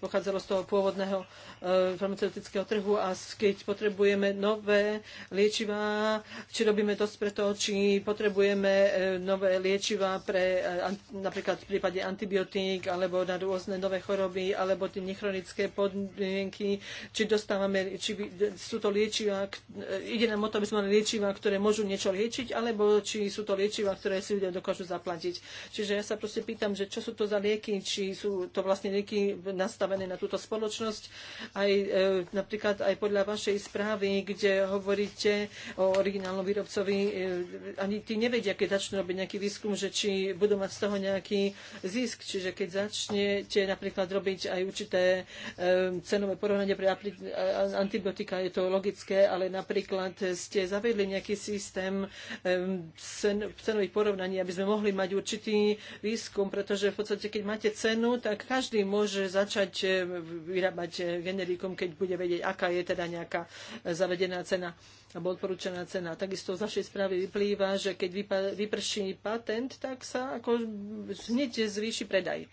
pochádzalo z toho pôvodného e, farmaceutického trhu a keď potrebujeme nové liečivá, či robíme dosť pre to, či potrebujeme e, nové liečivá pre e, napríklad v prípade antibiotík alebo na rôzne nové choroby alebo tie nechronické podmienky, či dostávame, či sú to liečivá, e, ide nám o to, aby sme mali liečivá, ktoré môžu niečo liečiť, alebo či sú to liečivá, ktoré si ľudia dokážu zaplatiť. Čiže Takže ja sa proste pýtam, že čo sú to za lieky, či sú to vlastne lieky nastavené na túto spoločnosť. Aj e, napríklad aj podľa vašej správy, kde hovoríte o originálnom výrobcovi, e, ani tí nevedia, keď začnú robiť nejaký výskum, že či budú mať z toho nejaký zisk. Čiže keď začnete napríklad robiť aj určité e, cenové porovnanie pre antibiotika, je to logické, ale napríklad ste zavedli nejaký systém e, cen, cenových porovnaní, aby sme mohli mať určitý výskum, pretože v podstate, keď máte cenu, tak každý môže začať eh, vyrábať eh, generikum, keď bude vedieť, aká je teda nejaká eh, zavedená cena alebo odporúčaná cena. Takisto z našej správy vyplýva, že keď vyprší patent, tak sa ako hneď zvýši predaj.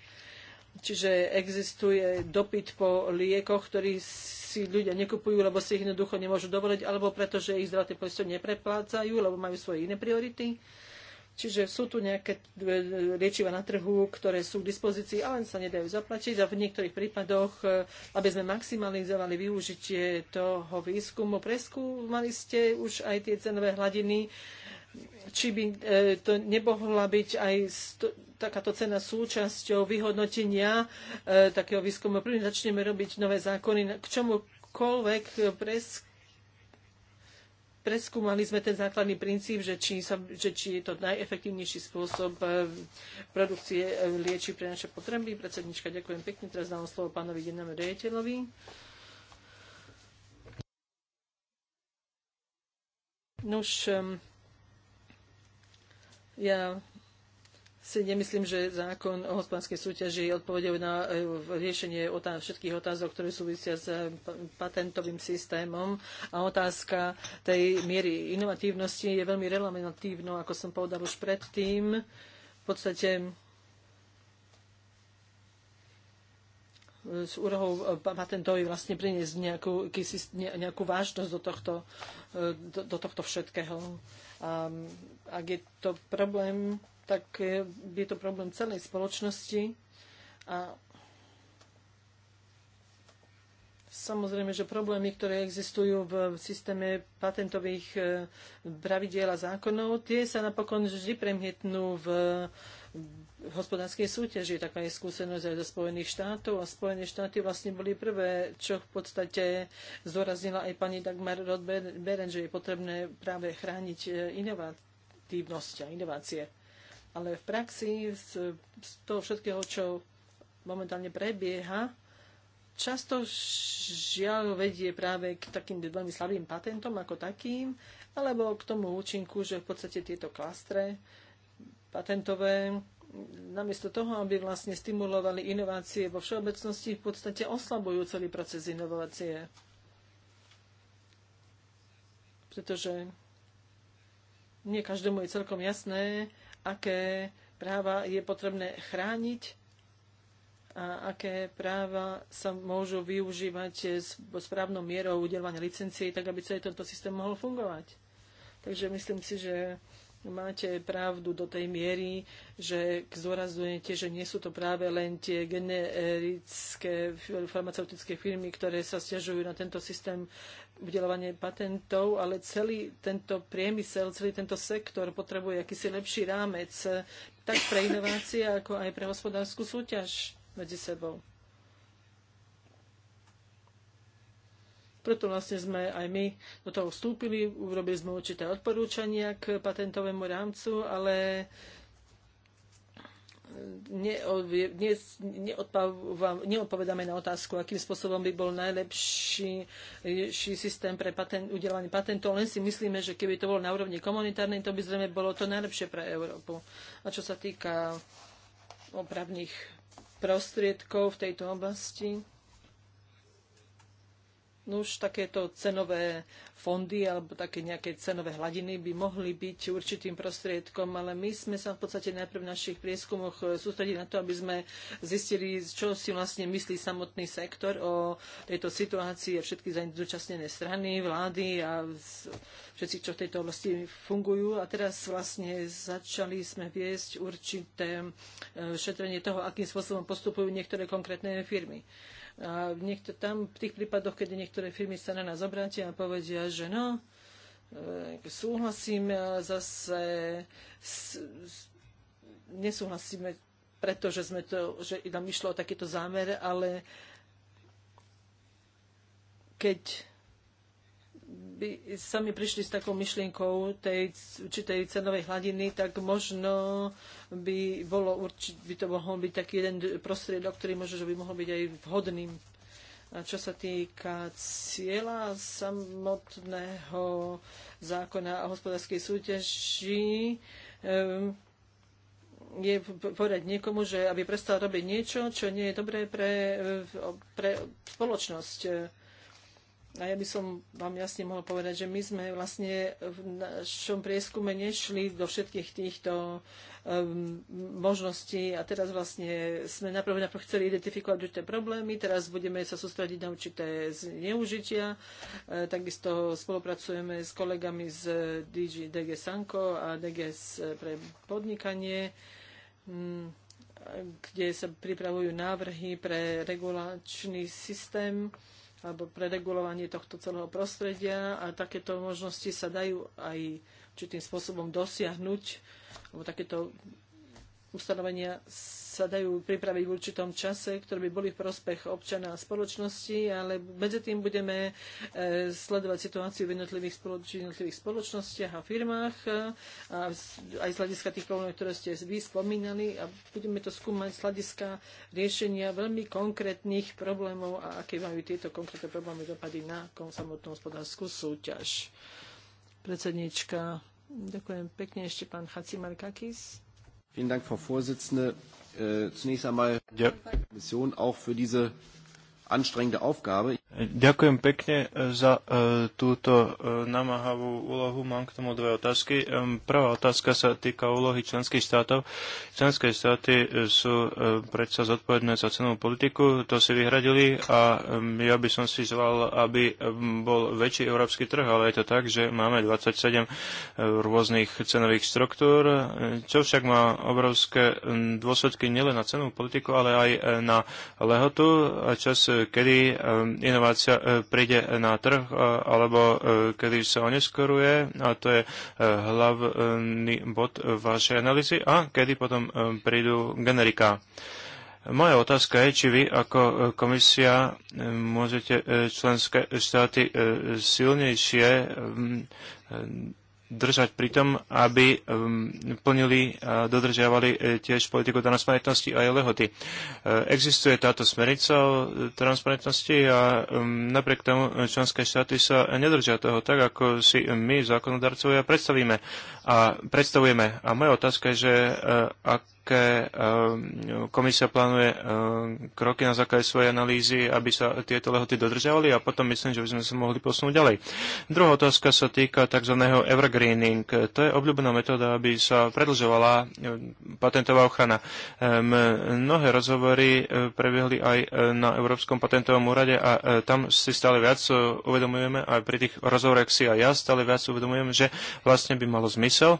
Čiže existuje dopyt po liekoch, ktorý si ľudia nekupujú, lebo si ich jednoducho nemôžu dovoliť, alebo pretože ich zdravotné poistenie nepreplácajú, lebo majú svoje iné priority. Čiže sú tu nejaké e, liečiva na trhu, ktoré sú k dispozícii ale sa nedajú zaplatiť a v niektorých prípadoch, e, aby sme maximalizovali využitie toho výskumu, preskúmali ste už aj tie cenové hladiny, či by e, to nebohla byť aj takáto cena súčasťou vyhodnotenia takého výskumu. Prvne začneme robiť nové zákony, k čomukoľvek presk preskúmali sme ten základný princíp, že či, sa, že či je to najefektívnejší spôsob e, produkcie e, liečiv pre naše potreby. Predsednička, ďakujem pekne. Teraz dám slovo pánovi jednému rejeteľovi. Nuž, ja si nemyslím, že zákon o hospodárskej súťaži je odpovedou na e, riešenie otáz- všetkých otázok, ktoré súvisia s e, patentovým systémom. A otázka tej miery inovatívnosti je veľmi relevantívna, ako som povedal už predtým. V podstate s e, úrohou patentovi vlastne priniesť nejakú, nejakú vážnosť do tohto, do, do tohto všetkého. A ak je to problém, tak je to problém celej spoločnosti. A Samozrejme, že problémy, ktoré existujú v systéme patentových e, pravidiel a zákonov, tie sa napokon vždy premietnú v hospodárskej súťaži. Taká je skúsenosť aj zo Spojených štátov. A Spojené štáty vlastne boli prvé, čo v podstate zdôraznila aj pani Dagmar Rodberen, že je potrebné práve chrániť e, inovatívnosť a inovácie. Ale v praxi z, z toho všetkého, čo momentálne prebieha, často žiaľ vedie práve k takým veľmi slabým patentom ako takým, alebo k tomu účinku, že v podstate tieto klastre patentové namiesto toho, aby vlastne stimulovali inovácie vo všeobecnosti, v podstate oslabujú celý proces inovácie. Pretože nie každému je celkom jasné, aké práva je potrebné chrániť a aké práva sa môžu využívať s správnou mierou udelovania licencií, tak aby celý tento systém mohol fungovať. Takže myslím si, že máte pravdu do tej miery, že zdôrazňujete, že nie sú to práve len tie generické farmaceutické firmy, ktoré sa stiažujú na tento systém udelovania patentov, ale celý tento priemysel, celý tento sektor potrebuje akýsi lepší rámec tak pre inovácie, ako aj pre hospodárskú súťaž medzi sebou. Preto vlastne sme aj my do toho vstúpili, urobili sme určité odporúčania k patentovému rámcu, ale neodpovedáme na otázku, akým spôsobom by bol najlepší systém pre patent, udelanie patentov. Len si myslíme, že keby to bolo na úrovni komunitárnej, to by zrejme bolo to najlepšie pre Európu. A čo sa týka opravných prostriedkov v tejto oblasti, No už takéto cenové fondy alebo také nejaké cenové hladiny by mohli byť určitým prostriedkom, ale my sme sa v podstate najprv v našich prieskumoch sústredili na to, aby sme zistili, čo si vlastne myslí samotný sektor o tejto situácii a všetky zúčastnené strany, vlády a všetci, čo v tejto oblasti fungujú. A teraz vlastne začali sme viesť určité eh, šetrenie toho, akým spôsobom postupujú niektoré konkrétne firmy. A niekto tam, v tých prípadoch, kedy niektoré firmy sa na nás obrátia a povedia, že no, e, súhlasíme, ale zase s, nesúhlasíme, pretože sme to, že nám išlo o takýto zámer, ale keď by sami prišli s takou myšlienkou tej určitej cenovej hladiny, tak možno by, bolo určite, by to mohol byť taký jeden prostriedok, ktorý možno že by mohol byť aj vhodným. A čo sa týka cieľa samotného zákona o hospodárskej súťaži, je povedať niekomu, že aby prestal robiť niečo, čo nie je dobré pre, pre spoločnosť a ja by som vám jasne mohla povedať, že my sme vlastne v našom prieskume nešli do všetkých týchto um, možností a teraz vlastne sme naprvé najprv chceli identifikovať určité problémy, teraz budeme sa sústrediť na určité zneužitia. E, takisto spolupracujeme s kolegami z DG, DG Sanko a DG e, pre podnikanie. Mm kde sa pripravujú návrhy pre regulačný systém alebo preregulovanie tohto celého prostredia a takéto možnosti sa dajú aj určitým spôsobom dosiahnuť, alebo takéto ustanovenia sa dajú pripraviť v určitom čase, ktoré by boli v prospech občana a spoločnosti, ale medzi tým budeme e, sledovať situáciu v jednotlivých, spoloč- jednotlivých spoločnostiach a firmách e, a aj z hľadiska tých problémov, ktoré ste vy spomínali a budeme to skúmať z hľadiska riešenia veľmi konkrétnych problémov a aké majú tieto konkrétne problémy dopady na samotnú hospodárskú súťaž. Predsednička, ďakujem pekne ešte pán Hacimarkakis. Vielen Dank, Frau Vorsitzende. Äh, zunächst einmal ja. Kommission auch für diese anstrengende Aufgabe. Ďakujem pekne e, za e, túto e, namáhavú úlohu. Mám k tomu dve otázky. prvá otázka sa týka úlohy členských štátov. Členské štáty sú predsa zodpovedné za cenovú politiku, to si vyhradili a ja by som si zval, aby bol väčší európsky trh, ale je to tak, že máme 27 e, rôznych cenových štruktúr, čo však má obrovské dôsledky nielen na cenovú politiku, ale aj na lehotu a čas kedy inovácia e, príde na trh e, alebo e, kedy sa oneskoruje a to je hlavný bod vašej analýzy a kedy potom prídu generika. Moja otázka je, či vy ako komisia môžete členské štáty silnejšie držať pri tom, aby um, plnili a dodržiavali e, tiež politiku transparentnosti a jej lehoty. E, existuje táto smerica o transparentnosti a um, napriek tomu členské štáty sa nedržia toho tak, ako si my, zákonodarcovia, predstavíme a predstavujeme. A moja otázka je, že e, ak aké ehm, komisia plánuje ehm, kroky na základe svojej analýzy, aby sa tieto lehoty dodržiavali a potom myslím, že by sme sa mohli posunúť ďalej. Druhá otázka sa týka tzv. evergreening. To je obľúbená metóda, aby sa predlžovala ehm, patentová ochrana. Mnohé rozhovory prebiehli aj e, na Európskom patentovom úrade a e, tam si stále viac e, uvedomujeme, aj pri tých rozhovorech si a ja stále viac uvedomujem, že vlastne by malo zmysel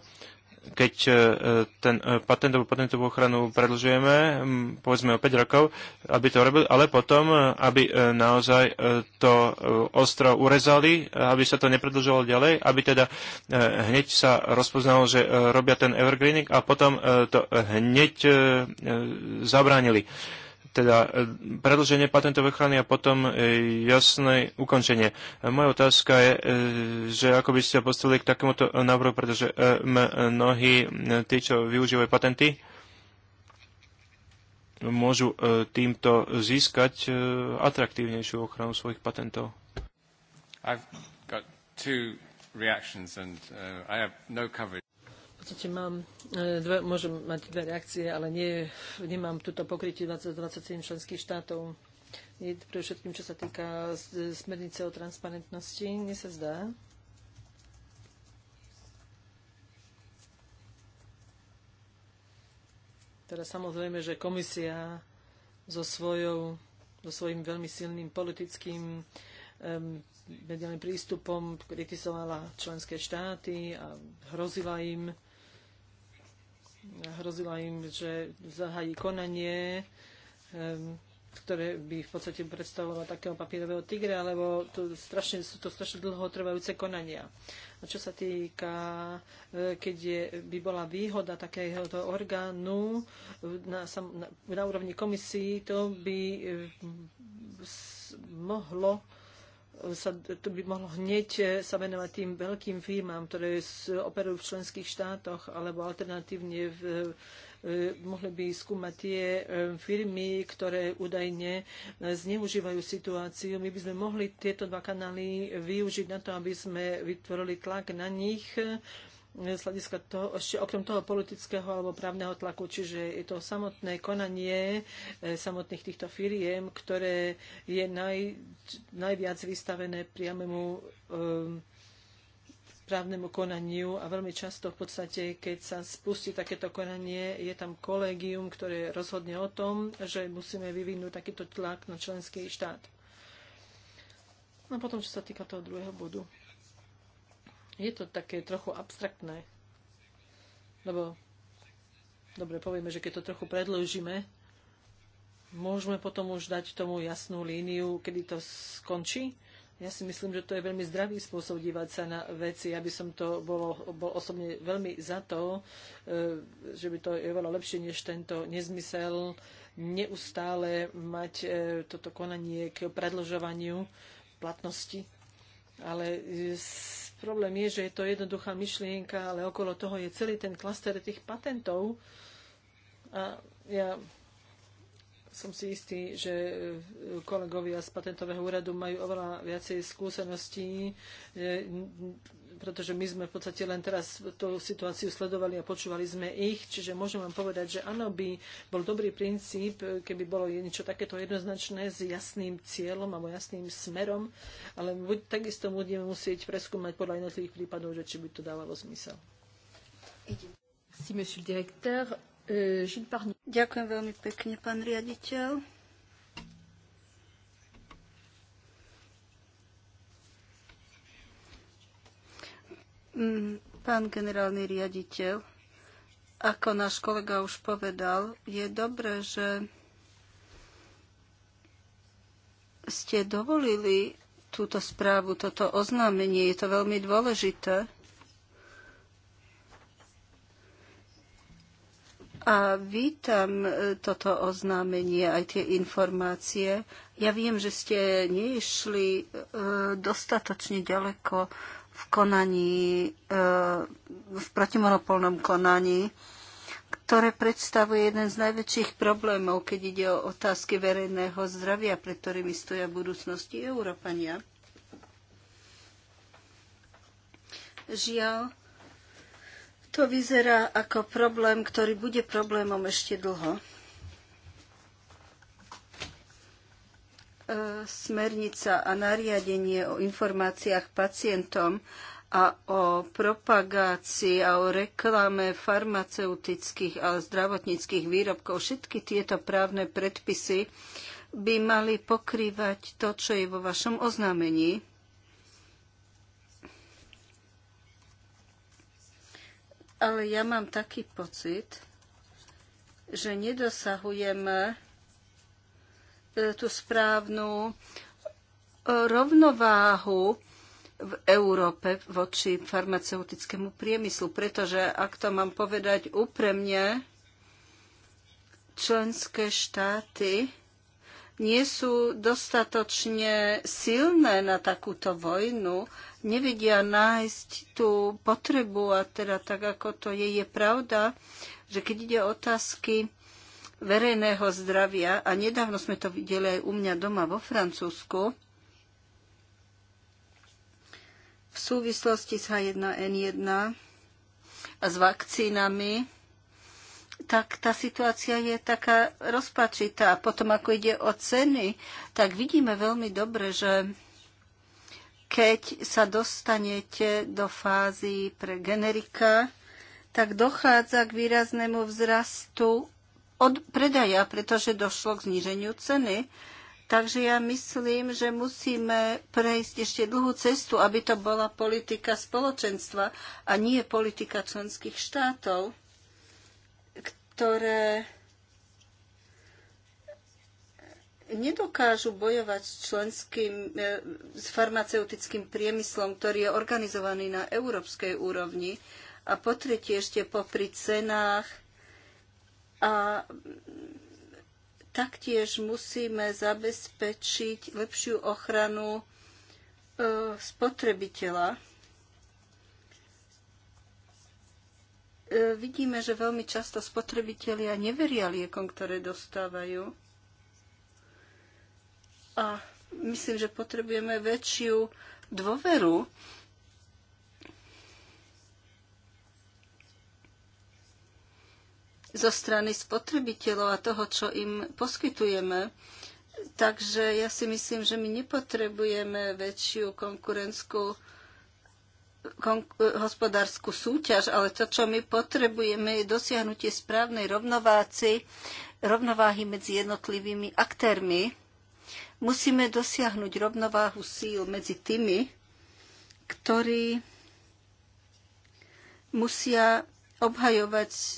keď e, ten e, patentovú patentovú ochranu predlžujeme, povedzme o 5 rokov, aby to robili, ale potom, e, aby naozaj to ostro urezali, aby sa to nepredlžovalo ďalej, aby teda hneď sa rozpoznalo, že robia ten evergreening a potom to hneď zabránili teda e, predlženie patentovej ochrany a potom e, jasné ukončenie. E, moja otázka je, že ako by ste postavili k takémuto návrhu, pretože mnohí tí, čo využívajú patenty, môžu týmto získať atraktívnejšiu ochranu svojich patentov. I've got two reactions and uh, I have no coverage mám, e, dve, môžem mať dve reakcie, ale nie, nemám tuto pokrytie 20, 27 členských štátov. Je pre všetkým, čo sa týka e, smernice o transparentnosti, mne sa zdá, Teda samozrejme, že komisia so, svojou, so svojím veľmi silným politickým um, mediálnym prístupom kritizovala členské štáty a hrozila im hrozila im, že zahají konanie, ktoré by v podstate predstavovalo takého papierového tigra, lebo to strašne, sú to strašne dlho trvajúce konania. A čo sa týka, e, keď je, by bola výhoda takéhoto orgánu na, na, na úrovni komisí, to by e, mohlo sa to by mohlo hneď eh, sa venovať tým veľkým firmám, ktoré operujú v členských štátoch, alebo alternatívne v, eh, mohli by skúmať tie eh, firmy, ktoré údajne zneužívajú situáciu. My by sme mohli tieto dva kanály využiť na to, aby sme vytvorili tlak na nich, z hľadiska toho, ešte okrem toho politického alebo právneho tlaku, čiže je to samotné konanie e, samotných týchto firiem, ktoré je naj, najviac vystavené priamému um, právnemu konaniu a veľmi často v podstate, keď sa spustí takéto konanie, je tam kolégium, ktoré rozhodne o tom, že musíme vyvinúť takýto tlak na členský štát. No potom, čo sa týka toho druhého bodu je to také trochu abstraktné. Lebo, dobre, povieme, že keď to trochu predložíme, môžeme potom už dať tomu jasnú líniu, kedy to skončí. Ja si myslím, že to je veľmi zdravý spôsob dívať sa na veci. Ja by som to bolo, bol osobne veľmi za to, e, že by to je veľa lepšie než tento nezmysel neustále mať e, toto konanie k predložovaniu platnosti. Ale problém je, že je to jednoduchá myšlienka, ale okolo toho je celý ten klaster tých patentov. A ja som si istý, že kolegovia z patentového úradu majú oveľa viacej skúseností pretože my sme v podstate len teraz tú situáciu sledovali a počúvali sme ich, čiže môžem vám povedať, že áno, by bol dobrý princíp, keby bolo niečo takéto jednoznačné s jasným cieľom alebo jasným smerom, ale buď, takisto budeme musieť preskúmať podľa jednotlivých prípadov, že či by to dávalo zmysel. Euh, Ďakujem veľmi pekne, pán riaditeľ. Mm, pán generálny riaditeľ, ako náš kolega už povedal, je dobré, že ste dovolili túto správu, toto oznámenie. Je to veľmi dôležité. A vítam e, toto oznámenie, aj tie informácie. Ja viem, že ste neišli e, dostatočne ďaleko v konaní, e, v protimonopolnom konaní, ktoré predstavuje jeden z najväčších problémov, keď ide o otázky verejného zdravia, pred ktorými stoja v budúcnosti Európania. Žiaľ, to vyzerá ako problém, ktorý bude problémom ešte dlho. E, smernica a nariadenie o informáciách pacientom a o propagácii a o reklame farmaceutických a zdravotníckých výrobkov. Všetky tieto právne predpisy by mali pokrývať to, čo je vo vašom oznámení. Ale ja mám taký pocit, že nedosahujeme E, tú správnu e, rovnováhu v Európe voči farmaceutickému priemyslu, pretože ak to mám povedať úpremne, členské štáty nie sú dostatočne silné na takúto vojnu, nevedia nájsť tú potrebu a teda tak, ako to je, je pravda, že keď ide o otázky verejného zdravia a nedávno sme to videli aj u mňa doma vo Francúzsku v súvislosti s H1N1 a s vakcínami, tak tá situácia je taká rozpačitá. Potom, ako ide o ceny, tak vidíme veľmi dobre, že keď sa dostanete do fázy pre generika, tak dochádza k výraznému vzrastu od predaja, pretože došlo k zníženiu ceny. Takže ja myslím, že musíme prejsť ešte dlhú cestu, aby to bola politika spoločenstva a nie politika členských štátov, ktoré nedokážu bojovať s, členským, e, s farmaceutickým priemyslom, ktorý je organizovaný na európskej úrovni. A po tretie ešte popri cenách a taktiež musíme zabezpečiť lepšiu ochranu e, spotrebiteľa. E, vidíme, že veľmi často spotrebitelia neveria liekom, ktoré dostávajú. A myslím, že potrebujeme väčšiu dôveru zo strany spotrebiteľov a toho, čo im poskytujeme. Takže ja si myslím, že my nepotrebujeme väčšiu konkurenskú eh, hospodárskú súťaž, ale to, čo my potrebujeme, je dosiahnutie správnej rovnováci, rovnováhy medzi jednotlivými aktérmi. Musíme dosiahnuť rovnováhu síl medzi tými, ktorí musia obhajovať e,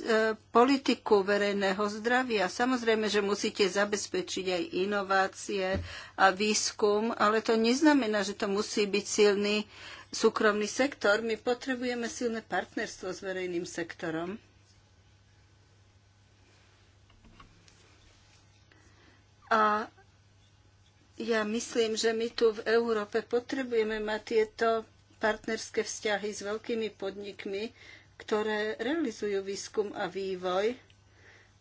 politiku verejného zdravia. Samozrejme, že musíte zabezpečiť aj inovácie a výskum, ale to neznamená, že to musí byť silný súkromný sektor. My potrebujeme silné partnerstvo s verejným sektorom. A ja myslím, že my tu v Európe potrebujeme mať tieto partnerské vzťahy s veľkými podnikmi, ktoré realizujú výskum a vývoj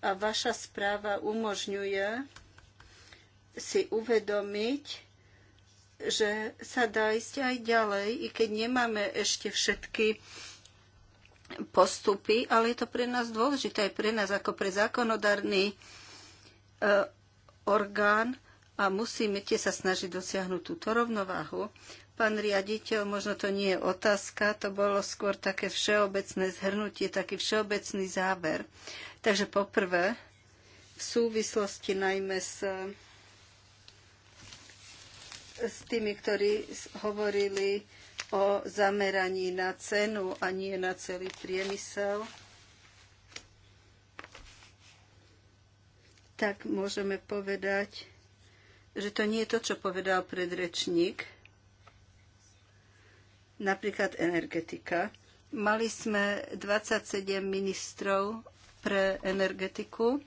a vaša správa umožňuje si uvedomiť, že sa dá ísť aj ďalej, i keď nemáme ešte všetky postupy, ale je to pre nás dôležité aj pre nás ako pre zákonodárny e, orgán a musíme tie sa snažiť dosiahnuť túto rovnováhu. Pán riaditeľ, možno to nie je otázka, to bolo skôr také všeobecné zhrnutie, taký všeobecný záver. Takže poprvé, v súvislosti najmä s, s tými, ktorí hovorili o zameraní na cenu a nie na celý priemysel, tak môžeme povedať, že to nie je to, čo povedal predrečník, napríklad energetika. Mali sme 27 ministrov pre energetiku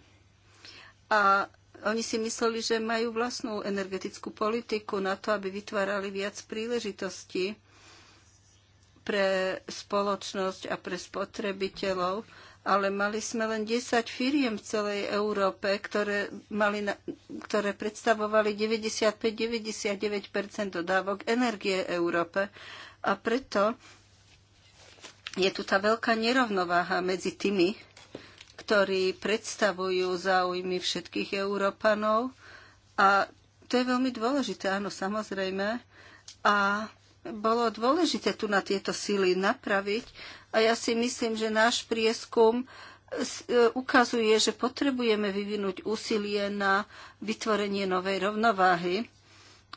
a oni si mysleli, že majú vlastnú energetickú politiku na to, aby vytvárali viac príležitostí pre spoločnosť a pre spotrebiteľov, ale mali sme len 10 firiem v celej Európe, ktoré, mali na, ktoré predstavovali 95-99 dodávok energie Európe. A preto je tu tá veľká nerovnováha medzi tými, ktorí predstavujú záujmy všetkých Európanov. A to je veľmi dôležité, áno, samozrejme. A bolo dôležité tu na tieto síly napraviť. A ja si myslím, že náš prieskum e, ukazuje, že potrebujeme vyvinúť úsilie na vytvorenie novej rovnováhy.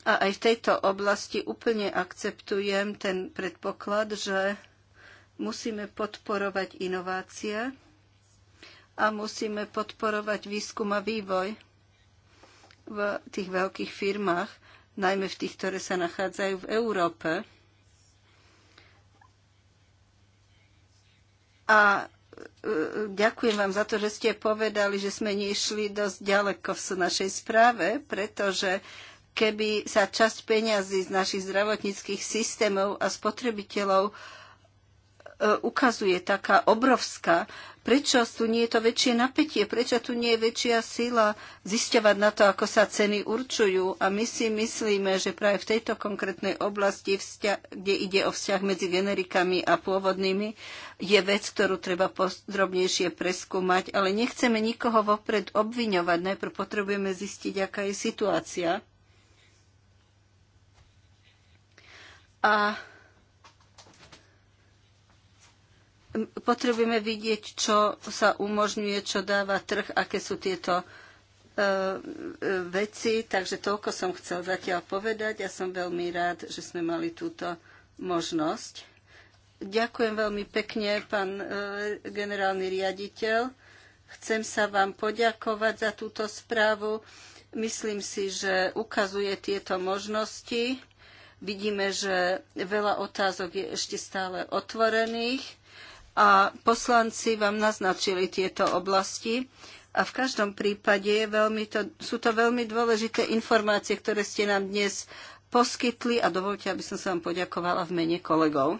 A aj v tejto oblasti úplne akceptujem ten predpoklad, že musíme podporovať inovácie a musíme podporovať výskum a vývoj v tých veľkých firmách, najmä v tých, ktoré sa nachádzajú v Európe. A e, ďakujem vám za to, že ste povedali, že sme nešli dosť ďaleko v našej správe, pretože keby sa časť peňazí z našich zdravotníckých systémov a spotrebiteľov e, ukazuje taká obrovská. Prečo tu nie je to väčšie napätie? Prečo tu nie je väčšia sila zisťovať na to, ako sa ceny určujú? A my si myslíme, že práve v tejto konkrétnej oblasti, vzťah, kde ide o vzťah medzi generikami a pôvodnými, je vec, ktorú treba podrobnejšie preskúmať, ale nechceme nikoho vopred obviňovať. Najprv potrebujeme zistiť, aká je situácia. a potrebujeme vidieť, čo sa umožňuje, čo dáva trh, aké sú tieto e, e, veci, takže toľko som chcel zatiaľ povedať a ja som veľmi rád, že sme mali túto možnosť. Ďakujem veľmi pekne, pán e, generálny riaditeľ. Chcem sa vám poďakovať za túto správu. Myslím si, že ukazuje tieto možnosti Vidíme, že veľa otázok je ešte stále otvorených a poslanci vám naznačili tieto oblasti. A v každom prípade veľmi to, sú to veľmi dôležité informácie, ktoré ste nám dnes poskytli a dovolte, aby som sa vám poďakovala v mene kolegov.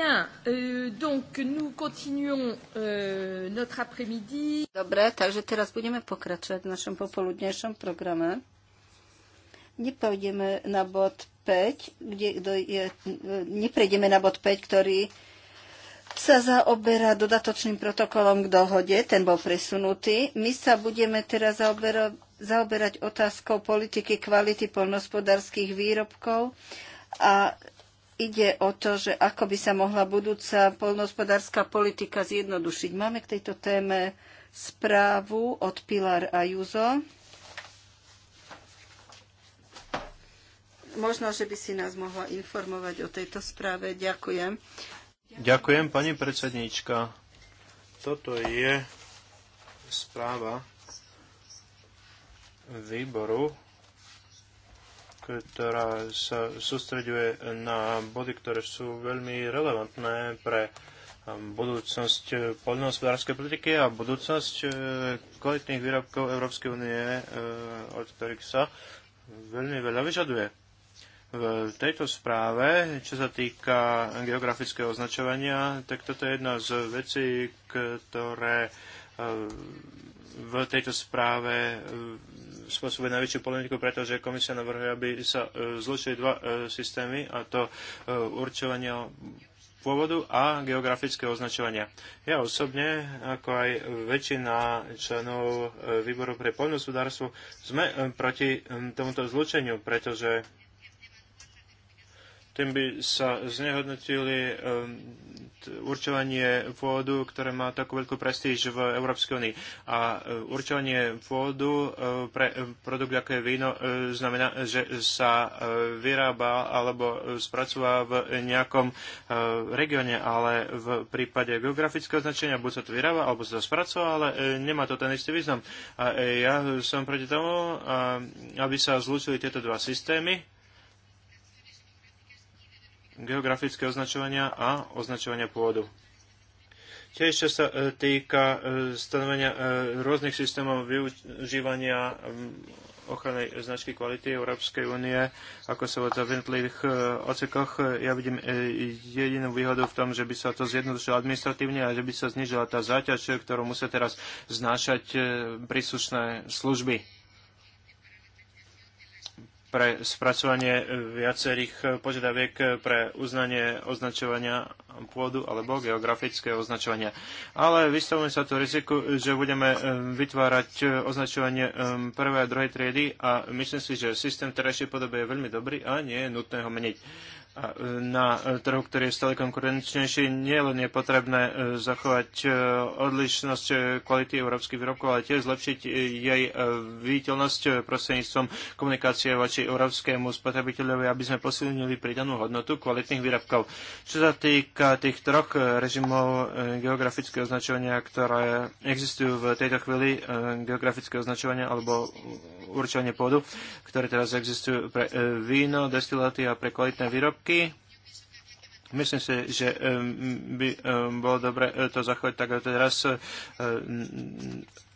Bien, euh, donc nous continuons euh, notre après-midi. Dobre, takže teraz budeme pokračovať v našom popoludnejšom programe. Nepôjdeme na bod 5, kde, kdo je, neprejdeme na bod 5, ktorý sa zaoberá dodatočným protokolom k dohode, ten bol presunutý. My sa budeme teraz zaoberať, zaoberať otázkou politiky kvality poľnohospodárskych výrobkov a ide o to, že ako by sa mohla budúca polnohospodárska politika zjednodušiť. Máme k tejto téme správu od Pilar Ajuzo. Možno, že by si nás mohla informovať o tejto správe. Ďakujem. Ďakujem, pani predsedníčka. Toto je správa výboru ktorá sa sústreďuje na body, ktoré sú veľmi relevantné pre um, budúcnosť poľnohospodárskej politiky a budúcnosť uh, kvalitných výrobkov Európskej únie, uh, od ktorých sa veľmi veľa vyžaduje. V tejto správe, čo sa týka geografického označovania, tak toto je jedna z vecí, ktoré uh, v tejto správe spôsobuje najväčšiu polemiku, pretože komisia navrhuje, aby sa e, zlučili dva e, systémy, a to e, určovania pôvodu a geografické označovania. Ja osobne, ako aj väčšina členov výboru pre poľnohospodárstvo, sme proti tomuto zlučeniu, pretože tým by sa znehodnotili ehm, určovanie vôdu, ktoré má takú veľkú prestíž v Európskej únii. A e, určovanie pôdu e, pre e, produkt, ako je víno, znamená, že sa vyrába alebo spracúva v nejakom regióne, ale v prípade geografického značenia buď sa to vyrába, alebo sa to spracová, ale nemá to ten istý význam. A ja som proti tomu, aby sa zlúčili tieto dva systémy, geografické označovania a označovania pôvodu. Tiež čo sa e, týka e, stanovenia e, rôznych systémov využívania mm, ochrannej značky kvality Európskej únie, ako sa uvádza v jednotlivých ocekoch. Ja vidím jedinú výhodu v tom, že by sa to zjednodušilo administratívne a že by sa znižila tá záťaž, ktorú musia teraz znášať príslušné služby pre spracovanie e, viacerých e, požiadaviek e, pre uznanie označovania pôdu alebo geografické označovania. Ale vystavujeme sa tu riziku, že budeme vytvárať označovanie prvej a druhej triedy a myslím si, že systém terajšej podobe je veľmi dobrý a nie je nutné ho meniť. E, na e, trhu, ktorý je stále konkurenčnejší, nielen je potrebné e, zachovať odlišnosť kvality európskych výrobkov, ale tiež zlepšiť jej viditeľnosť prostredníctvom komunikácie voči európskemu spotrebiteľovi, aby sme posilnili pridanú hodnotu kvalitných výrobkov. Čo sa týka tých troch režimov geografického označovania, ktoré existujú v tejto chvíli, geografické označovania alebo určovanie pôdu, ktoré teraz existujú pre víno, destiláty a pre kvalitné výrobky, roky. Myslím si, že by bolo dobre eh, to zachovať tak teraz. Eh,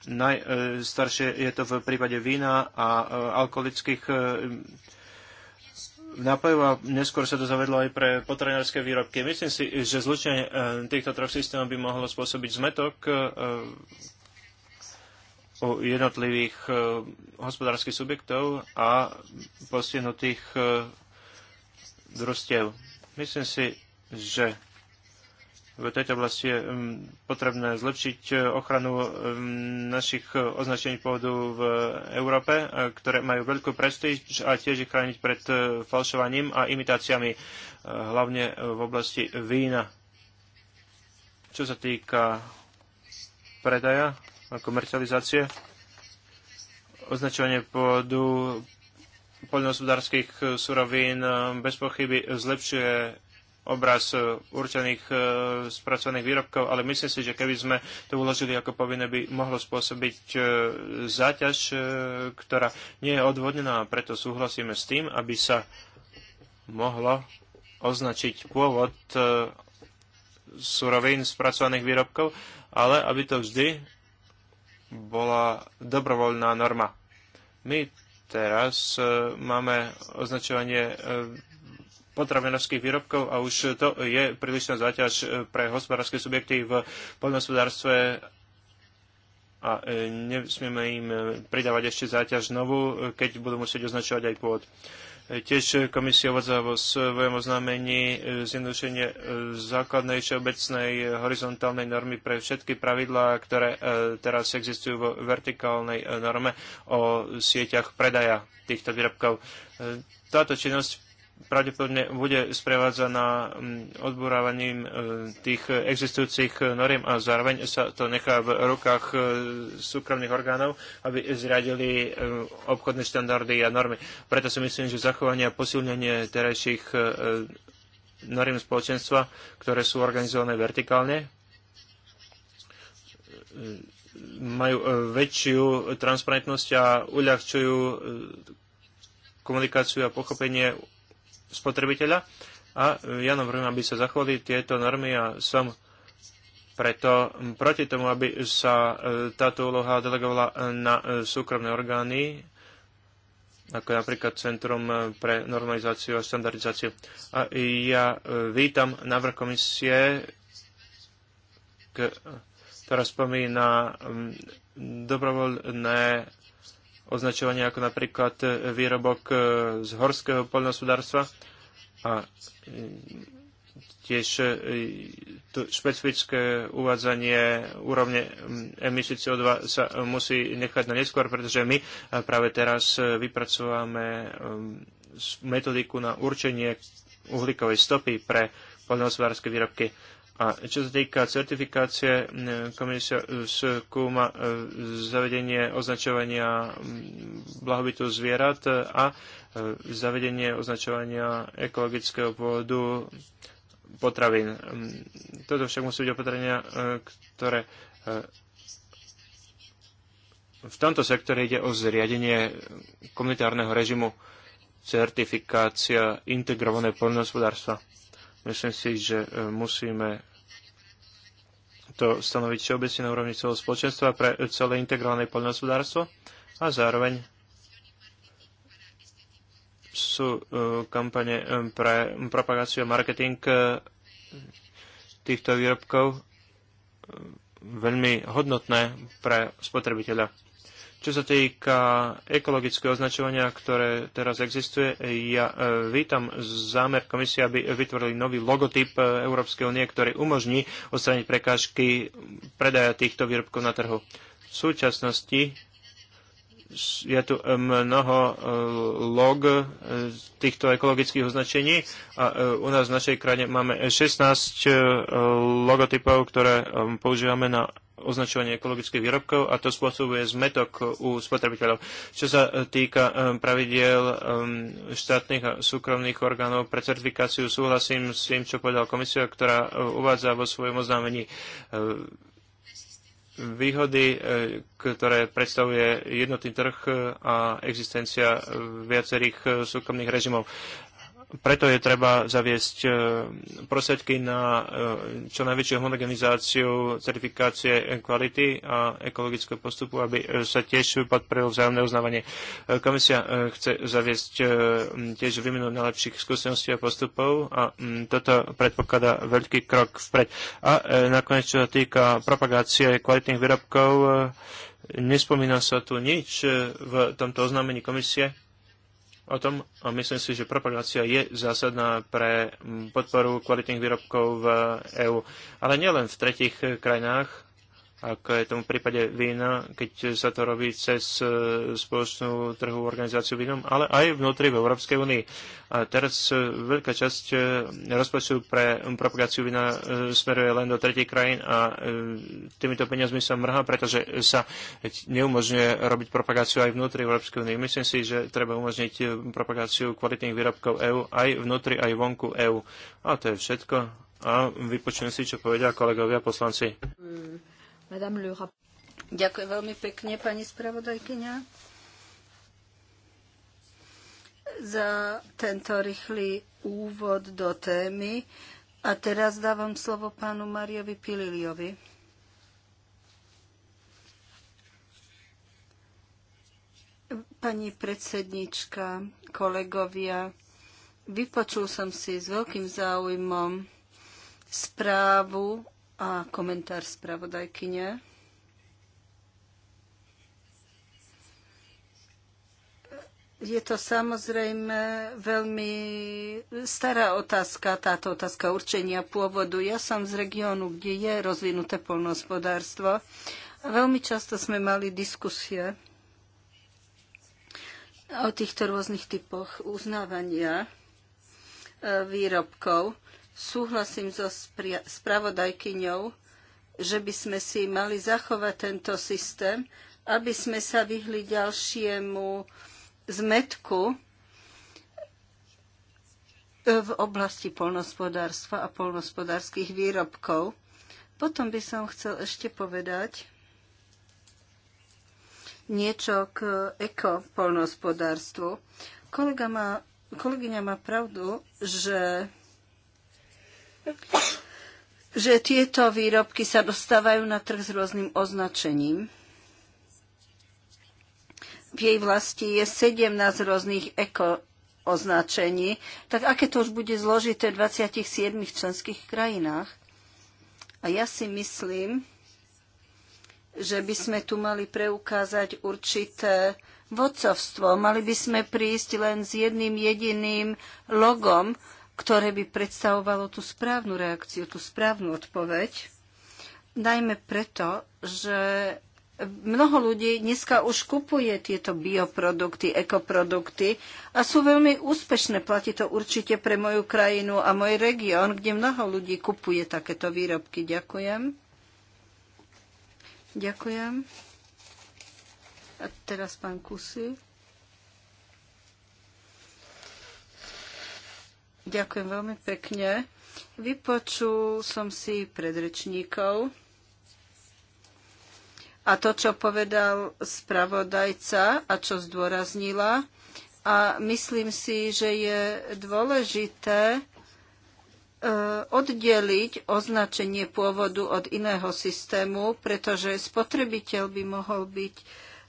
najstaršie je to v prípade vína a eh, alkoholických nápojov a neskôr sa to zavedlo aj pre potravinárske výrobky. Myslím si, že zlučenie týchto troch systémov by mohlo spôsobiť zmetok u jednotlivých hospodárskych subjektov a postihnutých družstiev. Myslím si, že v tejto oblasti je mm, potrebné zlepšiť e, ochranu e, našich označení pôvodu v Európe, e, ktoré majú veľkú prestíž a tiež ich chrániť pred falšovaním a imitáciami, hlavne v oblasti vína. Čo sa týka predaja a komercializácie, označovanie pôvodu poľnohospodárskych eh, surovín eh, bez pochyby zlepšuje obraz eh, určených spracovaných výrobkov, ale myslím si, že keby sme to uložili ako povinné, by mohlo spôsobiť záťaž, ktorá nie je odvodnená a preto súhlasíme s tým, aby sa mohlo označiť pôvod surovín spracovaných výrobkov, ale aby to vždy bola dobrovoľná norma. My Teraz e, máme označovanie e, potravinovských výrobkov a už to je prílišná záťaž e, pre hospodárske subjekty v poľnohospodárstve a nesmieme im pridávať ešte záťaž novú, keď budú musieť označovať aj pôd. Tiež komisia uvádza vo svojom oznámení e, zjednodušenie e, základnej všeobecnej horizontálnej normy pre všetky pravidlá, ktoré e, teraz existujú vo vertikálnej norme o sieťach predaja týchto výrobkov. Táto činnosť pravdepodobne bude sprevádzaná mm, odburávaním e, tých existujúcich noriem a zároveň sa to nechá v rukách e, súkromných orgánov, aby zriadili e, obchodné štandardy a normy. Preto si myslím, že zachovanie a posilnenie terajších noriem spoločenstva, ktoré sú organizované vertikálne, majú väčšiu transparentnosť a uľahčujú komunikáciu a pochopenie spotrebiteľa. A e, ja navrhujem, aby sa zachovali tieto normy a som preto proti tomu, aby sa e, táto úloha delegovala e, na súkromné orgány, ako napríklad Centrum pre normalizáciu a standardizáciu. A ja vítam návrh komisie, ktorá spomína dobrovoľné označovania ako napríklad e, výrobok e, z horského poľnohospodárstva a mm, tiež e, špecifické uvádzanie úrovne emisí CO2 sa musí nechať na neskôr, pretože my práve teraz vypracováme metodiku na určenie uhlíkovej stopy pre poľnohospodárske výrobky. A čo sa týka certifikácie, mm, komisia skúma e, zavedenie označovania mm, blahobytu zvierat a e, zavedenie označovania ekologického pôvodu potravín. Mm, toto však musí byť opatrenia, e, ktoré v tomto sektore ide o zriadenie komunitárneho režimu certifikácia integrované poľnohospodárstva. Myslím si, že e, musíme to stanoviť všeobecne na úrovni celého spoločenstva pre celé integrované poľnohospodárstvo a zároveň sú e, kampane e, pre propagáciu a marketing týchto výrobkov veľmi hodnotné pre spotrebiteľa. Čo sa týka ekologického označovania, ktoré teraz existuje, ja e, vítam zámer komisie, aby vytvorili nový logotyp e, Európskej únie, ktorý umožní odstrániť prekážky predaja týchto výrobkov na trhu. V súčasnosti je tu e, mnoho log týchto ekologických označení a u nás v našej krajine máme 16 logotypov, ktoré používame na označovanie ekologických výrobkov a to spôsobuje zmetok u spotrebiteľov. Čo sa e, týka e, pravidiel e, štátnych a súkromných orgánov pre certifikáciu, súhlasím s tým, čo povedal komisia, ktorá uvádza vo svojom oznámení výhody, ktoré predstavuje jednotný trh a existencia viacerých súkromných režimov preto je treba zaviesť e, prostriedky na e, čo najväčšiu homogenizáciu certifikácie kvality a ekologického postupu, aby e, sa tiež podporilo vzájomné uznávanie. Komisia chce zaviesť tiež výmenu najlepších skúseností a postupov a toto predpokladá veľký krok vpred. A nakoniec, čo sa týka propagácie kvalitných výrobkov, nespomína sa tu nič v tomto oznámení komisie o tom. A myslím si, že propagácia je zásadná pre mm, podporu kvalitných výrobkov v EÚ. Ale nielen v tretich krajinách, ako je tomu v prípade vína, keď sa to robí cez e, spoločnú trhovú organizáciu vínom, ale aj vnútri v Európskej únii. A teraz e, veľká časť e, rozpočtu pre propagáciu vína smeruje len do tretich krajín a týmito peniazmi sa mrhá, pretože sa neumožňuje robiť propagáciu aj vnútri Európskej únie. Myslím si, že treba umožniť propagáciu kvalitných výrobkov EÚ aj vnútri, aj vonku EÚ. A to je všetko. A vypočujem si, čo povedia kolegovia poslanci. Mm. Madame le rap- Ďakujem veľmi pekne, pani spravodajkyňa, za tento rýchly úvod do témy. A teraz dávam slovo pánu Mariovi Pililiovi. Pani predsednička, kolegovia, vypočul som si s veľkým záujmom správu a komentár spravodajkyne. Je to samozrejme veľmi stará otázka, táto otázka určenia pôvodu. Ja som z regiónu, kde je rozvinuté polnohospodárstvo a veľmi často sme mali diskusie o týchto rôznych typoch uznávania e, výrobkov. Súhlasím so spravodajkyňou, že by sme si mali zachovať tento systém, aby sme sa vyhli ďalšiemu zmetku v oblasti polnospodárstva a polnospodárských výrobkov. Potom by som chcel ešte povedať niečo k ekopolnospodárstvu. Kolega má, kolegyňa má pravdu, že že tieto výrobky sa dostávajú na trh s rôznym označením. V jej vlasti je 17 rôznych eko označení. Tak aké to už bude zložité v 27 členských krajinách? A ja si myslím, že by sme tu mali preukázať určité vodcovstvo. Mali by sme prísť len s jedným jediným logom, ktoré by predstavovalo tú správnu reakciu, tú správnu odpoveď. Najmä preto, že mnoho ľudí dneska už kupuje tieto bioprodukty, ekoprodukty a sú veľmi úspešné. Platí to určite pre moju krajinu a môj región, kde mnoho ľudí kupuje takéto výrobky. Ďakujem. Ďakujem. A teraz pán Kusy. Ďakujem veľmi pekne. Vypočul som si predrečníkov a to, čo povedal spravodajca a čo zdôraznila. A myslím si, že je dôležité e, oddeliť označenie pôvodu od iného systému, pretože spotrebiteľ by mohol byť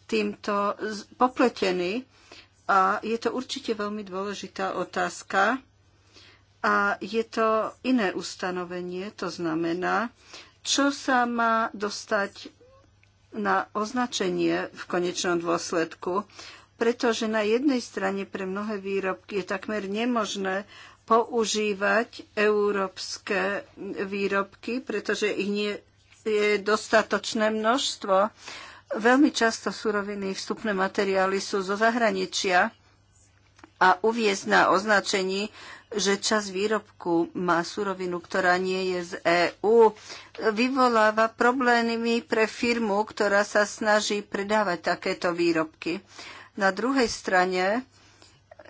týmto popletený. A je to určite veľmi dôležitá otázka. A je to iné ustanovenie, to znamená, čo sa má dostať na označenie v konečnom dôsledku, pretože na jednej strane pre mnohé výrobky je takmer nemožné používať európske výrobky, pretože ich nie je dostatočné množstvo. Veľmi často suroviny, vstupné materiály sú zo zahraničia a uviezť na označení že čas výrobku má surovinu, ktorá nie je z EÚ, vyvoláva problémy pre firmu, ktorá sa snaží predávať takéto výrobky. Na druhej strane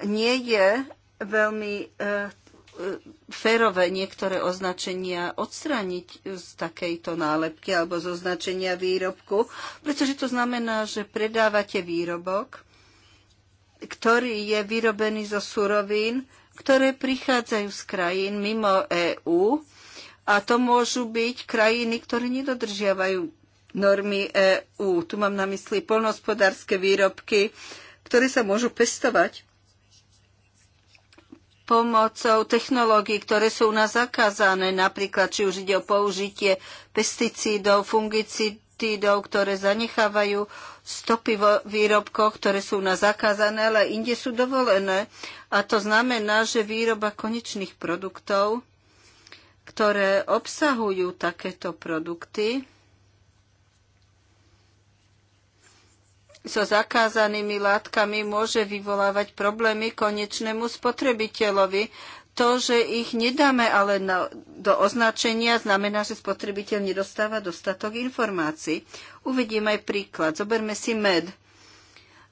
nie je veľmi e, e, férové niektoré označenia odstrániť z takejto nálepky alebo z označenia výrobku, pretože to znamená, že predávate výrobok, ktorý je vyrobený zo surovín, ktoré prichádzajú z krajín mimo EÚ a to môžu byť krajiny, ktoré nedodržiavajú normy EÚ. Tu mám na mysli polnohospodárske výrobky, ktoré sa môžu pestovať pomocou technológií, ktoré sú u nás zakázané, napríklad či už ide o použitie pesticídov, fungicídov, ktoré zanechávajú stopy vo výrobkoch, ktoré sú na zakázané, ale inde sú dovolené. A to znamená, že výroba konečných produktov, ktoré obsahujú takéto produkty, so zakázanými látkami môže vyvolávať problémy konečnému spotrebiteľovi to, že ich nedáme ale na, do označenia, znamená, že spotrebiteľ nedostáva dostatok informácií. Uvidíme aj príklad. Zoberme si med.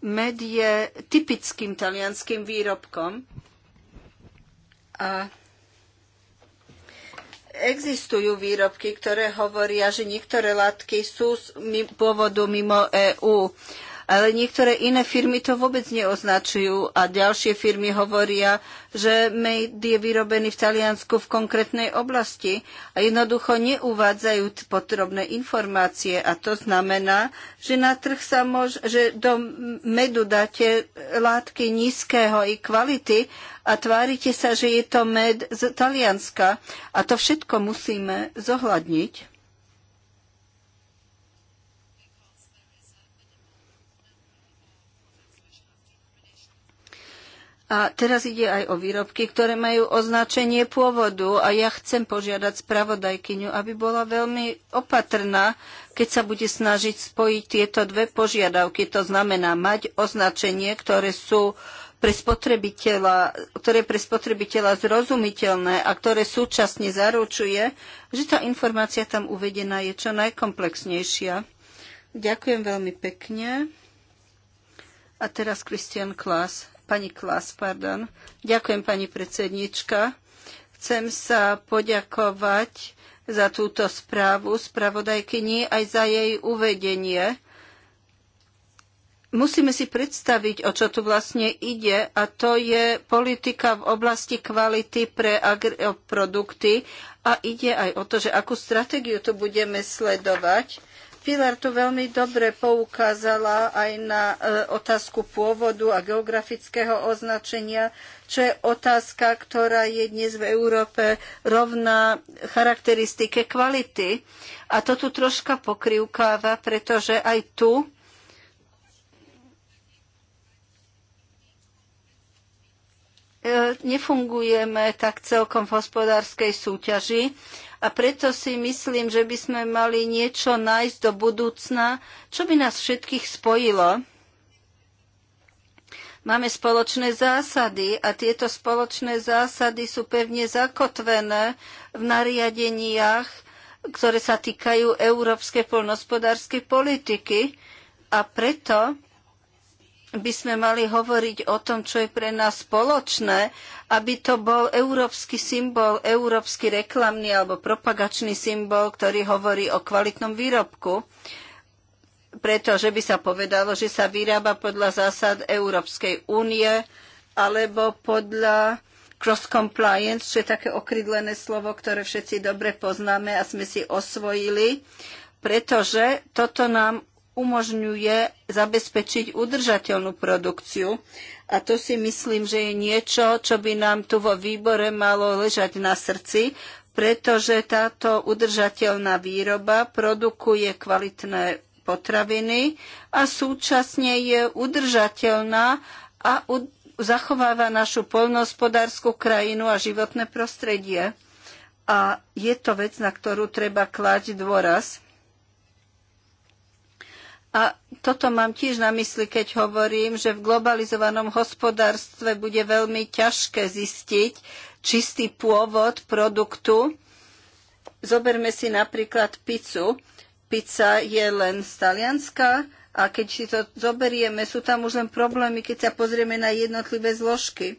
Med je typickým talianským výrobkom a existujú výrobky, ktoré hovoria, že niektoré látky sú z pôvodu mimo EÚ ale niektoré iné firmy to vôbec neoznačujú a ďalšie firmy hovoria, že made je vyrobený v Taliansku v konkrétnej oblasti a jednoducho neuvádzajú potrebné informácie a to znamená, že na trh sa môž, že do medu dáte látky nízkeho i kvality a tvárite sa, že je to med z Talianska a to všetko musíme zohľadniť. A teraz ide aj o výrobky, ktoré majú označenie pôvodu a ja chcem požiadať spravodajkyňu, aby bola veľmi opatrná, keď sa bude snažiť spojiť tieto dve požiadavky. To znamená mať označenie, ktoré sú pre spotrebiteľa, ktoré pre spotrebiteľa zrozumiteľné a ktoré súčasne zaručuje, že tá informácia tam uvedená je čo najkomplexnejšia. Ďakujem veľmi pekne. A teraz Christian Klaas. Pani Klas, pardon. Ďakujem, pani predsednička. Chcem sa poďakovať za túto správu spravodajkyni aj za jej uvedenie. Musíme si predstaviť, o čo tu vlastne ide, a to je politika v oblasti kvality pre agroprodukty a ide aj o to, že akú stratégiu tu budeme sledovať Pilar tu veľmi dobre poukázala aj na e, otázku pôvodu a geografického označenia, čo je otázka, ktorá je dnes v Európe rovná charakteristike kvality. A to tu troška pokrivkáva, pretože aj tu E, nefungujeme tak celkom v hospodárskej súťaži a preto si myslím, že by sme mali niečo nájsť do budúcna, čo by nás všetkých spojilo. Máme spoločné zásady a tieto spoločné zásady sú pevne zakotvené v nariadeniach, ktoré sa týkajú európskej poľnohospodárskej politiky a preto by sme mali hovoriť o tom, čo je pre nás spoločné, aby to bol európsky symbol, európsky reklamný alebo propagačný symbol, ktorý hovorí o kvalitnom výrobku. Pretože by sa povedalo, že sa vyrába podľa zásad Európskej únie alebo podľa cross compliance, čo je také okrydlené slovo, ktoré všetci dobre poznáme a sme si osvojili, pretože toto nám umožňuje zabezpečiť udržateľnú produkciu. A to si myslím, že je niečo, čo by nám tu vo výbore malo ležať na srdci, pretože táto udržateľná výroba produkuje kvalitné potraviny a súčasne je udržateľná a ud- zachováva našu poľnohospodárskú krajinu a životné prostredie. A je to vec, na ktorú treba klať dôraz. A toto mám tiež na mysli, keď hovorím, že v globalizovanom hospodárstve bude veľmi ťažké zistiť čistý pôvod produktu. Zoberme si napríklad pizzu. Pizza je len z Talianska a keď si to zoberieme, sú tam už len problémy, keď sa pozrieme na jednotlivé zložky.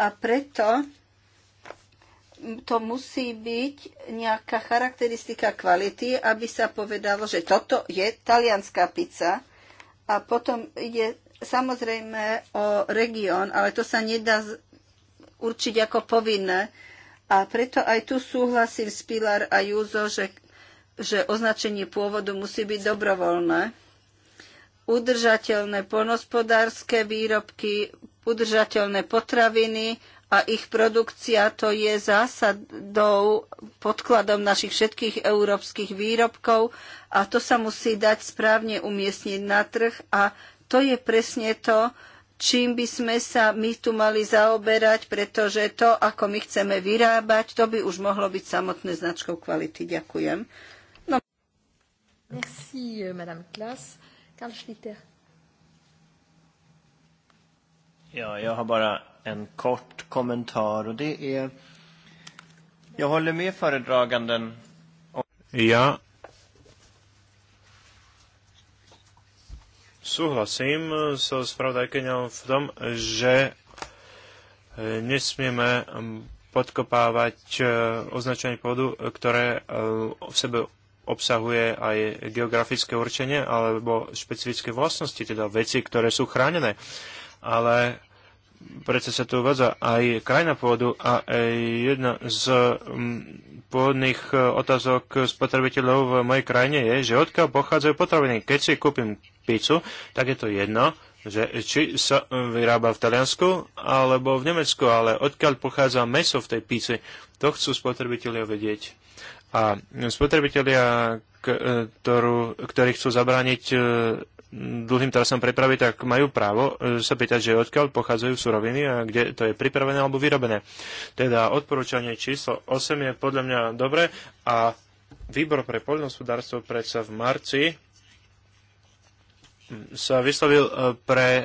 A preto to musí byť nejaká charakteristika kvality, aby sa povedalo, že toto je talianská pizza. A potom ide samozrejme o región, ale to sa nedá určiť ako povinné. A preto aj tu súhlasím s Pilar a Júzo, že, že označenie pôvodu musí byť dobrovoľné. Udržateľné poľnospodárske výrobky, udržateľné potraviny a ich produkcia to je zásadou, podkladom našich všetkých európskych výrobkov a to sa musí dať správne umiestniť na trh a to je presne to, čím by sme sa my tu mali zaoberať, pretože to, ako my chceme vyrábať, to by už mohlo byť samotné značkou kvality. Ďakujem. No. Merci, euh, Madame Klas. Karl Schlitter. Ja, jag har bara en kort kommentar och det är jag håller med föredraganden om... Ja súhlasím so spravodajkyňou v tom, že e, nesmieme podkopávať e, označenie pôdu, ktoré e, v sebe obsahuje aj geografické určenie alebo špecifické vlastnosti, teda veci, ktoré sú chránené ale predsa sa tu uvádza aj krajina pôdu, a jedna z mm, pôvodných e, otázok spotrebiteľov v mojej krajine je, že odkiaľ pochádzajú potraviny. Keď si kúpim pizzu, tak je to jedno, že či sa vyrába v Taliansku alebo v Nemecku, ale odkiaľ pochádza meso v tej píci, to chcú spotrebitelia vedieť. A spotrebitelia, e, ktorú, ktorí chcú zabrániť e, dlhým trasom prepravy, tak majú právo e, sa pýtať, že odkiaľ pochádzajú suroviny a kde to je pripravené alebo vyrobené. Teda odporúčanie číslo 8 je podľa mňa dobre a výbor pre poľnohospodárstvo predsa v marci sa vyslovil e, pre e,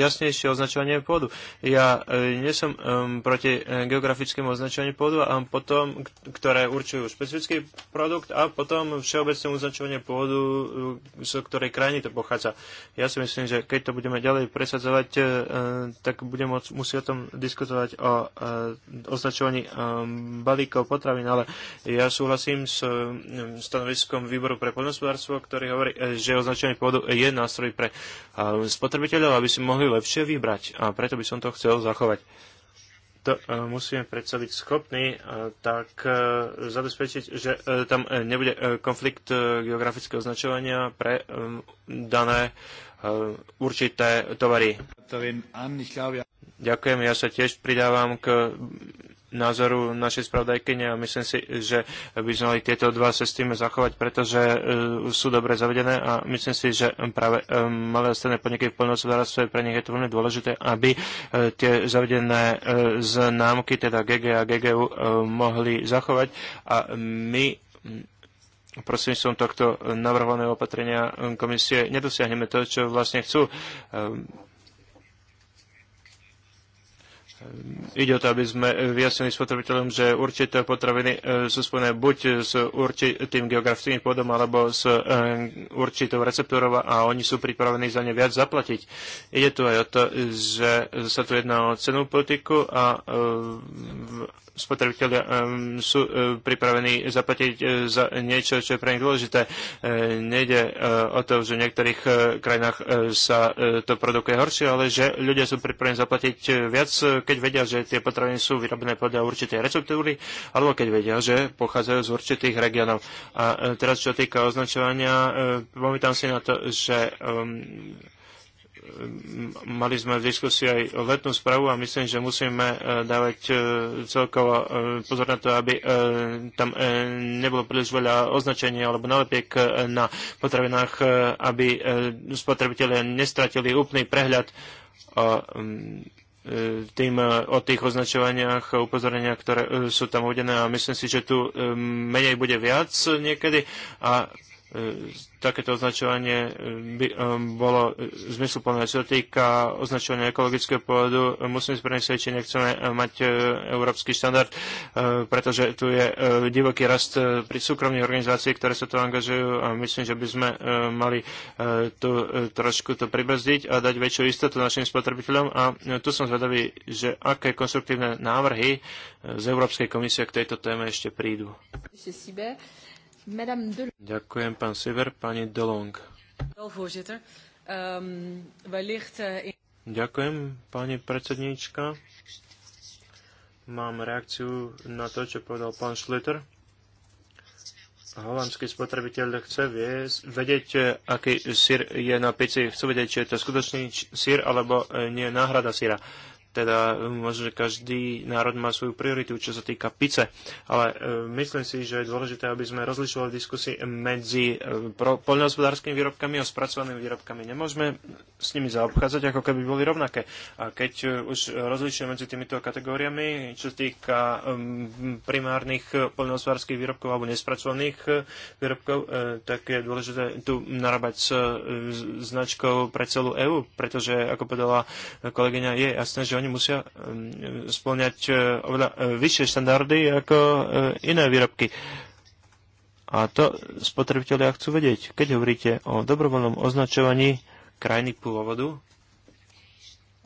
jasnejšie označovanie pôdu. Ja nie som e, proti geografickému označovaniu pôdu a potom, ktoré určujú špecifický produkt a potom všeobecné označovanie pôdu, z ktorej krajiny to pochádza. Ja si myslím, že keď to budeme ďalej presadzovať, tak budeme musieť o tom diskutovať o označovaní balíkov potravín, ale ja súhlasím s stanoviskom výboru pre podnospodárstvo, ktorý hovorí, že označovanie pôdu je nástroj nástroj pre um, spotrebiteľov, aby si mohli lepšie vybrať. A preto by som to chcel zachovať. To uh, musíme predsa byť schopní uh, tak uh, zabezpečiť, že tam nebude konflikt geografického označovania pre um, dané určité tovary. Ďakujem, ja sa tiež pridávam k názoru našej spravodajkyne a myslím si, že by sme mali tieto dva systémy zachovať, pretože e, sú dobre zavedené a myslím si, že práve e, malé a stredné podniky v plnohospodárstve pre nich je to veľmi dôležité, aby e, tie zavedené známky, teda GG a GGU, mohli zachovať a my prosím som tohto navrhovaného opatrenia komisie nedosiahneme to, čo vlastne chcú Ide o to, aby sme vyjasnili spotrebiteľom, že určité potraviny e, sú spojené buď s určitým geografickým pôdom alebo s e, určitou receptúrou a oni sú pripravení za ne viac zaplatiť. Ide tu aj o to, že sa tu jedná o cenú politiku a e, spotrebitelia ehm, sú e, pripravení zaplatiť e, za niečo, čo je pre nich dôležité. E, nejde o to, že v niektorých krajinách sa to produkuje horšie, ale že ľudia sú pripravení zaplatiť viac, keď vedia, že tie potraviny sú vyrobené podľa určitej receptúry, alebo keď vedia, že pochádzajú z určitých regiónov. A teraz, čo týka označovania, pamätám si na to, že ehm, mali sme v diskusii aj letnú správu a myslím, že musíme e, dávať e, celkovo e, pozor na to, aby tam nebolo príliš veľa označenia alebo nalepiek na potravinách, aby spotrebitelia nestratili úplný prehľad o tým o tých označovaniach, upozoreniach, ktoré sú tam uvedené a myslím si, že tu menej bude viac niekedy a E, takéto označovanie e, by e, bolo zmysluplné. Čo týka označovania ekologického pôvodu, musím presvedčiť, či nechceme mať európsky štandard, pretože tu je divoký rast pri súkromných organizácií, ktoré sa tu angažujú a myslím, že by sme mali tu trošku to pribrzdiť a dať väčšiu istotu našim spotrebiteľom a tu som zvedavý, že aké konstruktívne návrhy z Európskej komisie k tejto téme ešte prídu. Ďakujem, pán Siver. Pani Delong. Ehm, eh, Ďakujem, pani predsedníčka. Mám reakciu na to, čo povedal pán Schlitter holandský spotrebiteľ chce vedieť, eh, aký sír je na pici. chce vedieť, či je to skutočný sír alebo eh, nie náhrada síra. Teda eh, možno, že každý národ má svoju prioritu, čo sa týka pice. Ale eh, myslím si, že je dôležité, aby sme rozlišovali diskusy medzi eh, poľnohospodárskymi výrobkami a spracovanými výrobkami. Nemôžeme s nimi zaobchádzať, ako keby boli rovnaké. A keď už rozlišujeme medzi týmito kategóriami, čo sa týka primárnych poľnohospodárskych výrobkov alebo nespracovaných výrobkov, tak je dôležité tu narábať s značkou pre celú EÚ, pretože, ako povedala kolegyňa, je jasné, že oni oni musia splňať e, oveľa e, vyššie štandardy ako e, iné výrobky. A to spotrebitelia chcú vedieť. Keď hovoríte o dobrovoľnom označovaní krajiny pôvodu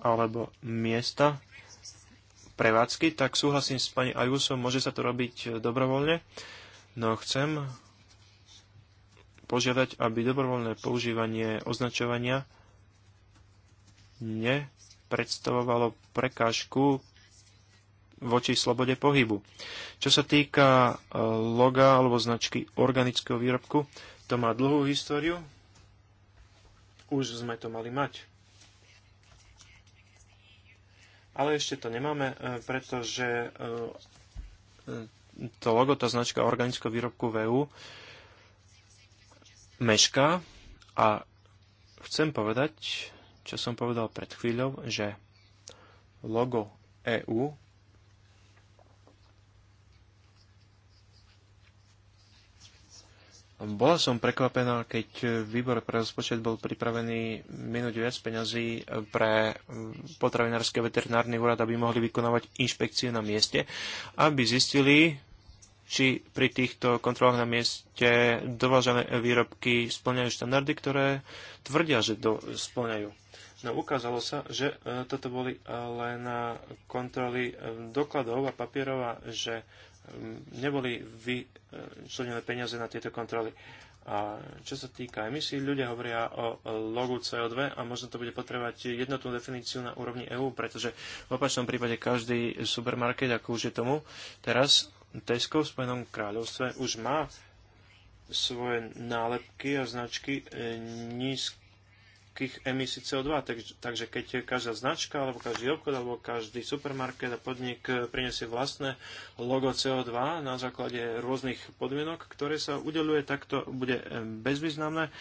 alebo miesta prevádzky, tak súhlasím s pani Ajusom, môže sa to robiť dobrovoľne, no chcem požiadať, aby dobrovoľné používanie označovania ne predstavovalo prekážku voči slobode pohybu. Čo sa týka e, loga alebo značky organického výrobku, to má dlhú históriu. Už sme to mali mať. Ale ešte to nemáme, e, pretože e, to logo, tá značka organického výrobku VU mešká a chcem povedať, čo som povedal pred chvíľou, že logo EU Bola som prekvapená, keď výbor pre rozpočet bol pripravený minúť viac peňazí pre potravinársky a veterinárny úrad, aby mohli vykonávať inšpekcie na mieste, aby zistili, či pri týchto kontrolách na mieste dovážané výrobky splňajú štandardy, ktoré tvrdia, že do, splňajú. No ukázalo sa, že e, toto boli e, len e, kontroly dokladov a papierov a že neboli vyčlenené peniaze na tieto kontroly. A čo sa týka emisí, ľudia hovoria o logu CO2 a možno to bude potrebovať jednotnú definíciu na úrovni EÚ, pretože v opačnom prípade každý supermarket, ako už je tomu, teraz Tesco v Spojenom kráľovstve už má svoje nálepky a značky nízke všetkých emisí CO2. Takže, takže keď každá značka, alebo každý obchod, alebo každý supermarket a podnik eh, prinesie vlastné logo CO2 na základe rôznych podmienok, ktoré sa udeluje, tak to bude eh, bezvýznamné,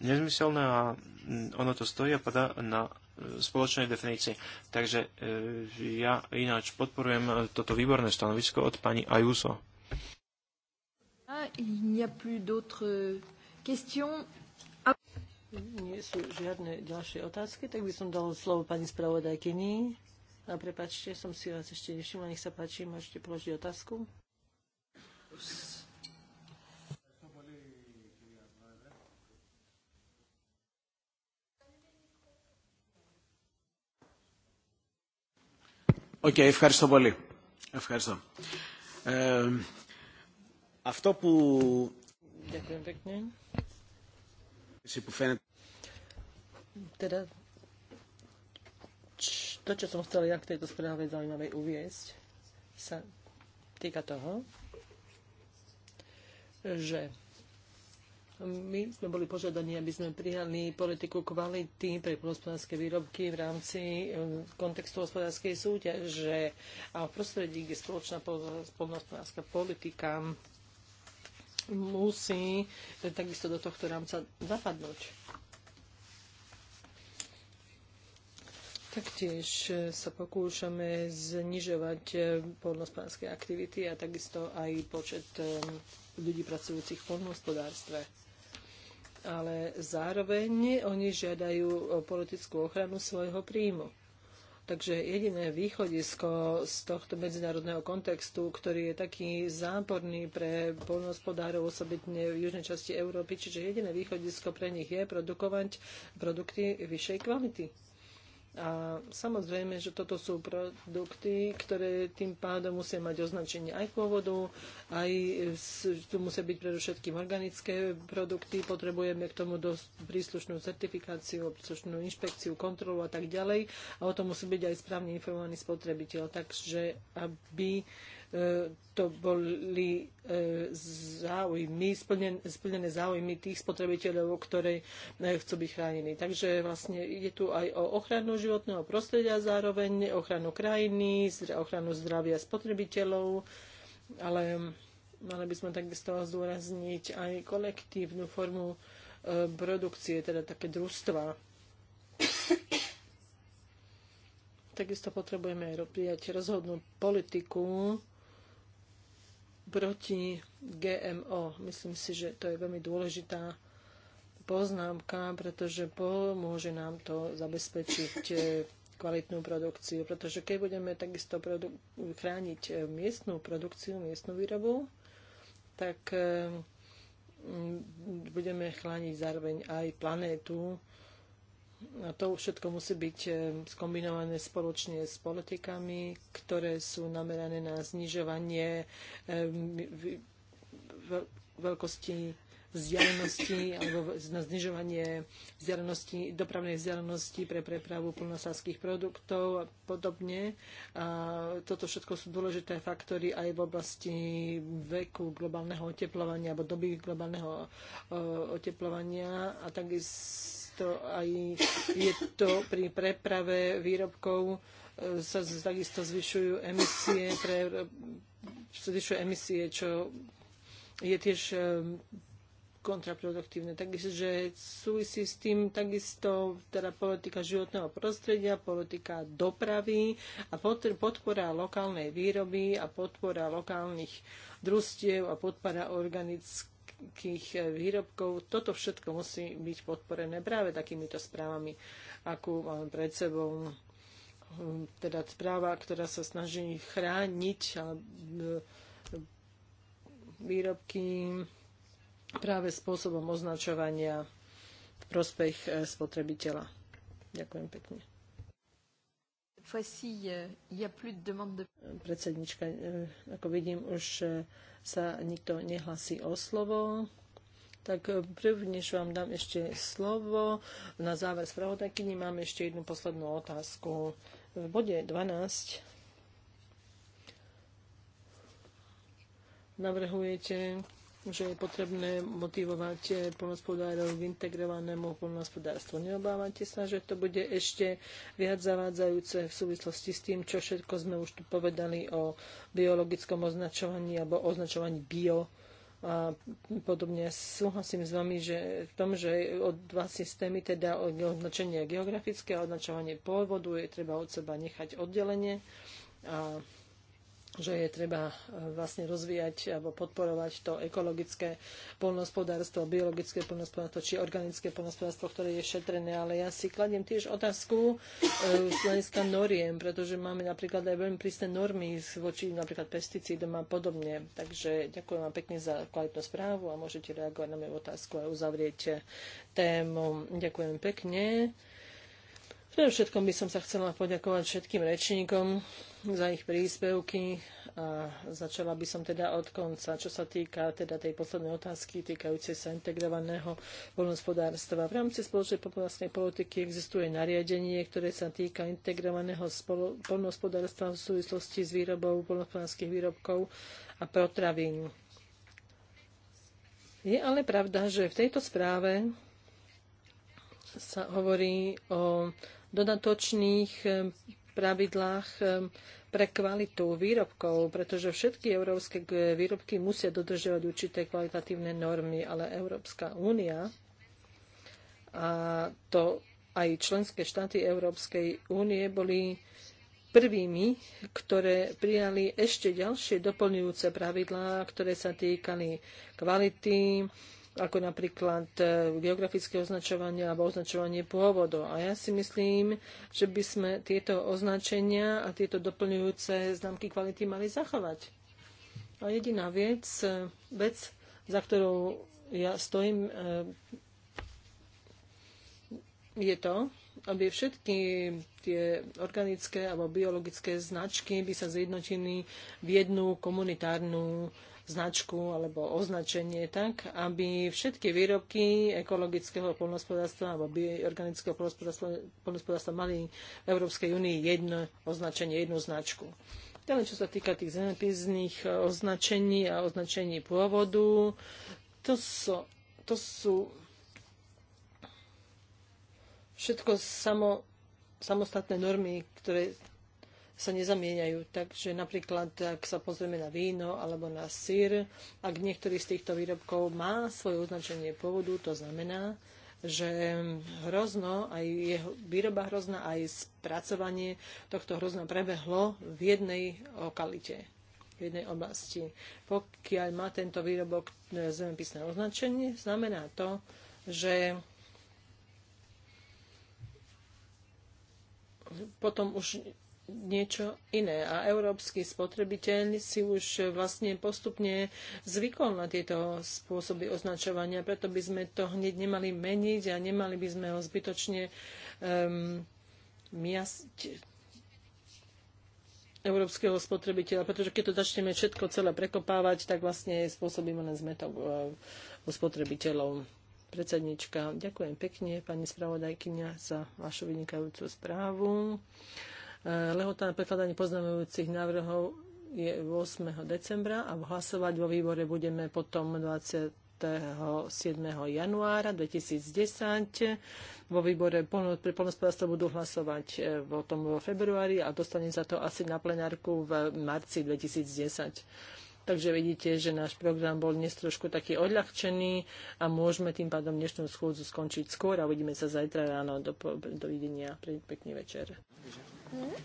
nezmyselné a mm, ono to stojí a padá na eh, spoločnej definícii. Takže ja ináč podporujem toto výborné stanovisko od pani Ajuso. Ah, il n'y a plus d'autres questions nie sú žiadne ďalšie otázky, tak by som dal slovo pani spravodajkyni. A prepačte, som si vás ešte nevšimla, nech sa páči, môžete položiť otázku. Οκ, okay, ευχαριστώ πολύ. Ευχαριστώ. Ε, αυτό που... Ďakujem teda to, čo som chcel ja k tejto správe zaujímavej uviesť, sa týka toho, že my sme boli požiadaní, aby sme prijali politiku kvality pre hospodárske výrobky v rámci eh, kontextu hospodárskej súťaže a v prostredí, kde spoločná poľnohospodárska politika musí takisto do tohto rámca zapadnúť. Taktiež sa pokúšame znižovať poľnospodárske aktivity a takisto aj počet um, ľudí pracujúcich v poľnospodárstve. Ale zároveň oni žiadajú o politickú ochranu svojho príjmu. Takže jediné východisko z tohto medzinárodného kontextu, ktorý je taký záporný pre poľnohospodárov, osobitne v južnej časti Európy, čiže jediné východisko pre nich je produkovať produkty vyššej kvality. A samozrejme, že toto sú produkty, ktoré tým pádom musia mať označenie aj pôvodu, aj tu musia byť predovšetkým organické produkty, potrebujeme k tomu dosť príslušnú certifikáciu, príslušnú inšpekciu, kontrolu a tak ďalej. A o tom musí byť aj správne informovaný spotrebiteľ. Takže aby E, to boli e, záujmy, splnené záujmy tých spotrebiteľov, ktoré e, chcú byť chránení. Takže vlastne ide tu aj o ochranu životného prostredia zároveň, ochranu krajiny, ochranu zdravia spotrebiteľov, ale mali by sme takisto zdôrazniť aj kolektívnu formu produkcie, teda také družstva. Takisto potrebujeme prijať rozhodnú politiku proti GMO. Myslím si, že to je veľmi dôležitá poznámka, pretože pomôže nám to zabezpečiť e, kvalitnú produkciu, pretože keď budeme takisto chrániť e, miestnú produkciu, miestnú výrobu, tak e, budeme chrániť zároveň aj planétu a to všetko musí byť eh, skombinované spoločne s politikami, ktoré sú namerané na znižovanie eh, veľkosti vzdialenosti alebo na znižovanie vzdialenosti, dopravnej vzdialenosti pre prepravu plnosáských produktov a podobne. A toto všetko sú dôležité faktory aj v oblasti veku globálneho oteplovania alebo doby globálneho eh, oteplovania a takisto takisto aj je to pri preprave výrobkov e, sa takisto zvyšujú emisie, pre, zvyšujú emisie, čo je tiež e, kontraproduktívne. Takže súvisí s tým takisto teda politika životného prostredia, politika dopravy a podpora lokálnej výroby a podpora lokálnych družstiev a podpora organických ekologických eh, výrobkov. Toto všetko musí byť podporené práve takýmito správami, akú máme pred sebou hm, teda správa, ktorá sa snaží chrániť eh, výrobky práve spôsobom označovania v prospech eh, spotrebiteľa. Ďakujem pekne. Predsednička, eh, ako vidím, už eh, sa nikto nehlasí o slovo. Tak eh, prvnež vám dám ešte slovo. Na záver spravodajkyni mám ešte jednu poslednú otázku. V bode 12 navrhujete že je potrebné motivovať polnospodárov k integrovanému polnospodárstvu. Neobávate sa, že to bude ešte viac zavádzajúce v súvislosti s tým, čo všetko sme už tu povedali o biologickom označovaní alebo označovaní bio a podobne. Súhlasím s vami, že v tom, že od dva systémy, teda označenie geografické a označovanie pôvodu, je treba od seba nechať oddelenie. A že je treba e, vlastne rozvíjať alebo podporovať to ekologické polnospodárstvo, biologické polnospodárstvo či organické polnospodárstvo, ktoré je šetrené. Ale ja si kladiem tiež otázku e, z hľadiska noriem, pretože máme napríklad aj veľmi prísne normy voči napríklad pesticídom a podobne. Takže ďakujem vám pekne za kvalitnú správu a môžete reagovať na moju otázku a uzavrieť tému. Ďakujem pekne. Predovšetkom by som sa chcela poďakovať všetkým rečníkom za ich príspevky a začala by som teda od konca, čo sa týka teda tej poslednej otázky týkajúcej sa integrovaného poľnohospodárstva. V rámci spoločnej populárnej politiky existuje nariadenie, ktoré sa týka integrovaného poľnohospodárstva v súvislosti s výrobou poľnohospodárských výrobkov a potravín. Je ale pravda, že v tejto správe sa hovorí o dodatočných pravidlách pre kvalitu výrobkov, pretože všetky európske výrobky musia dodržovať určité kvalitatívne normy, ale Európska únia a to aj členské štáty Európskej únie boli prvými, ktoré prijali ešte ďalšie doplňujúce pravidlá, ktoré sa týkali kvality, ako napríklad e, geografické označovanie alebo označovanie pôvodov. A ja si myslím, že by sme tieto označenia a tieto doplňujúce známky kvality mali zachovať. A jediná vec, e, vec za ktorou ja stojím, e, je to, aby všetky tie organické alebo biologické značky by sa zjednotili v jednu komunitárnu značku alebo označenie tak, aby všetky výrobky ekologického polnospodárstva alebo bioorganického polnospodárstva mali v Európskej únii jedno označenie, jednu značku. Ďalej, čo sa týka tých zemepisných označení a označení pôvodu, to sú, to sú všetko samo, samostatné normy, ktoré sa nezamieňajú. Takže napríklad, ak sa pozrieme na víno alebo na syr, ak niektorý z týchto výrobkov má svoje označenie pôvodu, to znamená, že hrozno, aj jeho výroba hrozna, aj spracovanie tohto hrozna prebehlo v jednej lokalite v jednej oblasti. Pokiaľ má tento výrobok e, zemepisné označenie, znamená to, že potom už niečo iné. A európsky spotrebiteľ si už vlastne postupne zvykol na tieto spôsoby označovania, preto by sme to hneď nemali meniť a nemali by sme ho zbytočne um, miasť európskeho spotrebiteľa, pretože keď to začneme všetko celé prekopávať, tak vlastne spôsobíme len zmetok e, u spotrebiteľov. Predsednička, ďakujem pekne, pani spravodajkyňa, za vašu vynikajúcu správu. Lehota na prekladanie poznamujúcich návrhov je 8. decembra a hlasovať vo výbore budeme potom 20 27. januára 2010. Vo výbore pre polnospodárstvo budú hlasovať e, o tom vo februári a dostane sa to asi na plenárku v marci 2010. Takže vidíte, že náš program bol dnes trošku taký odľahčený a môžeme tým pádom dnešnú schôdzu skončiť skôr a uvidíme sa zajtra ráno. Do, dovidenia. Pekný večer. Hmm?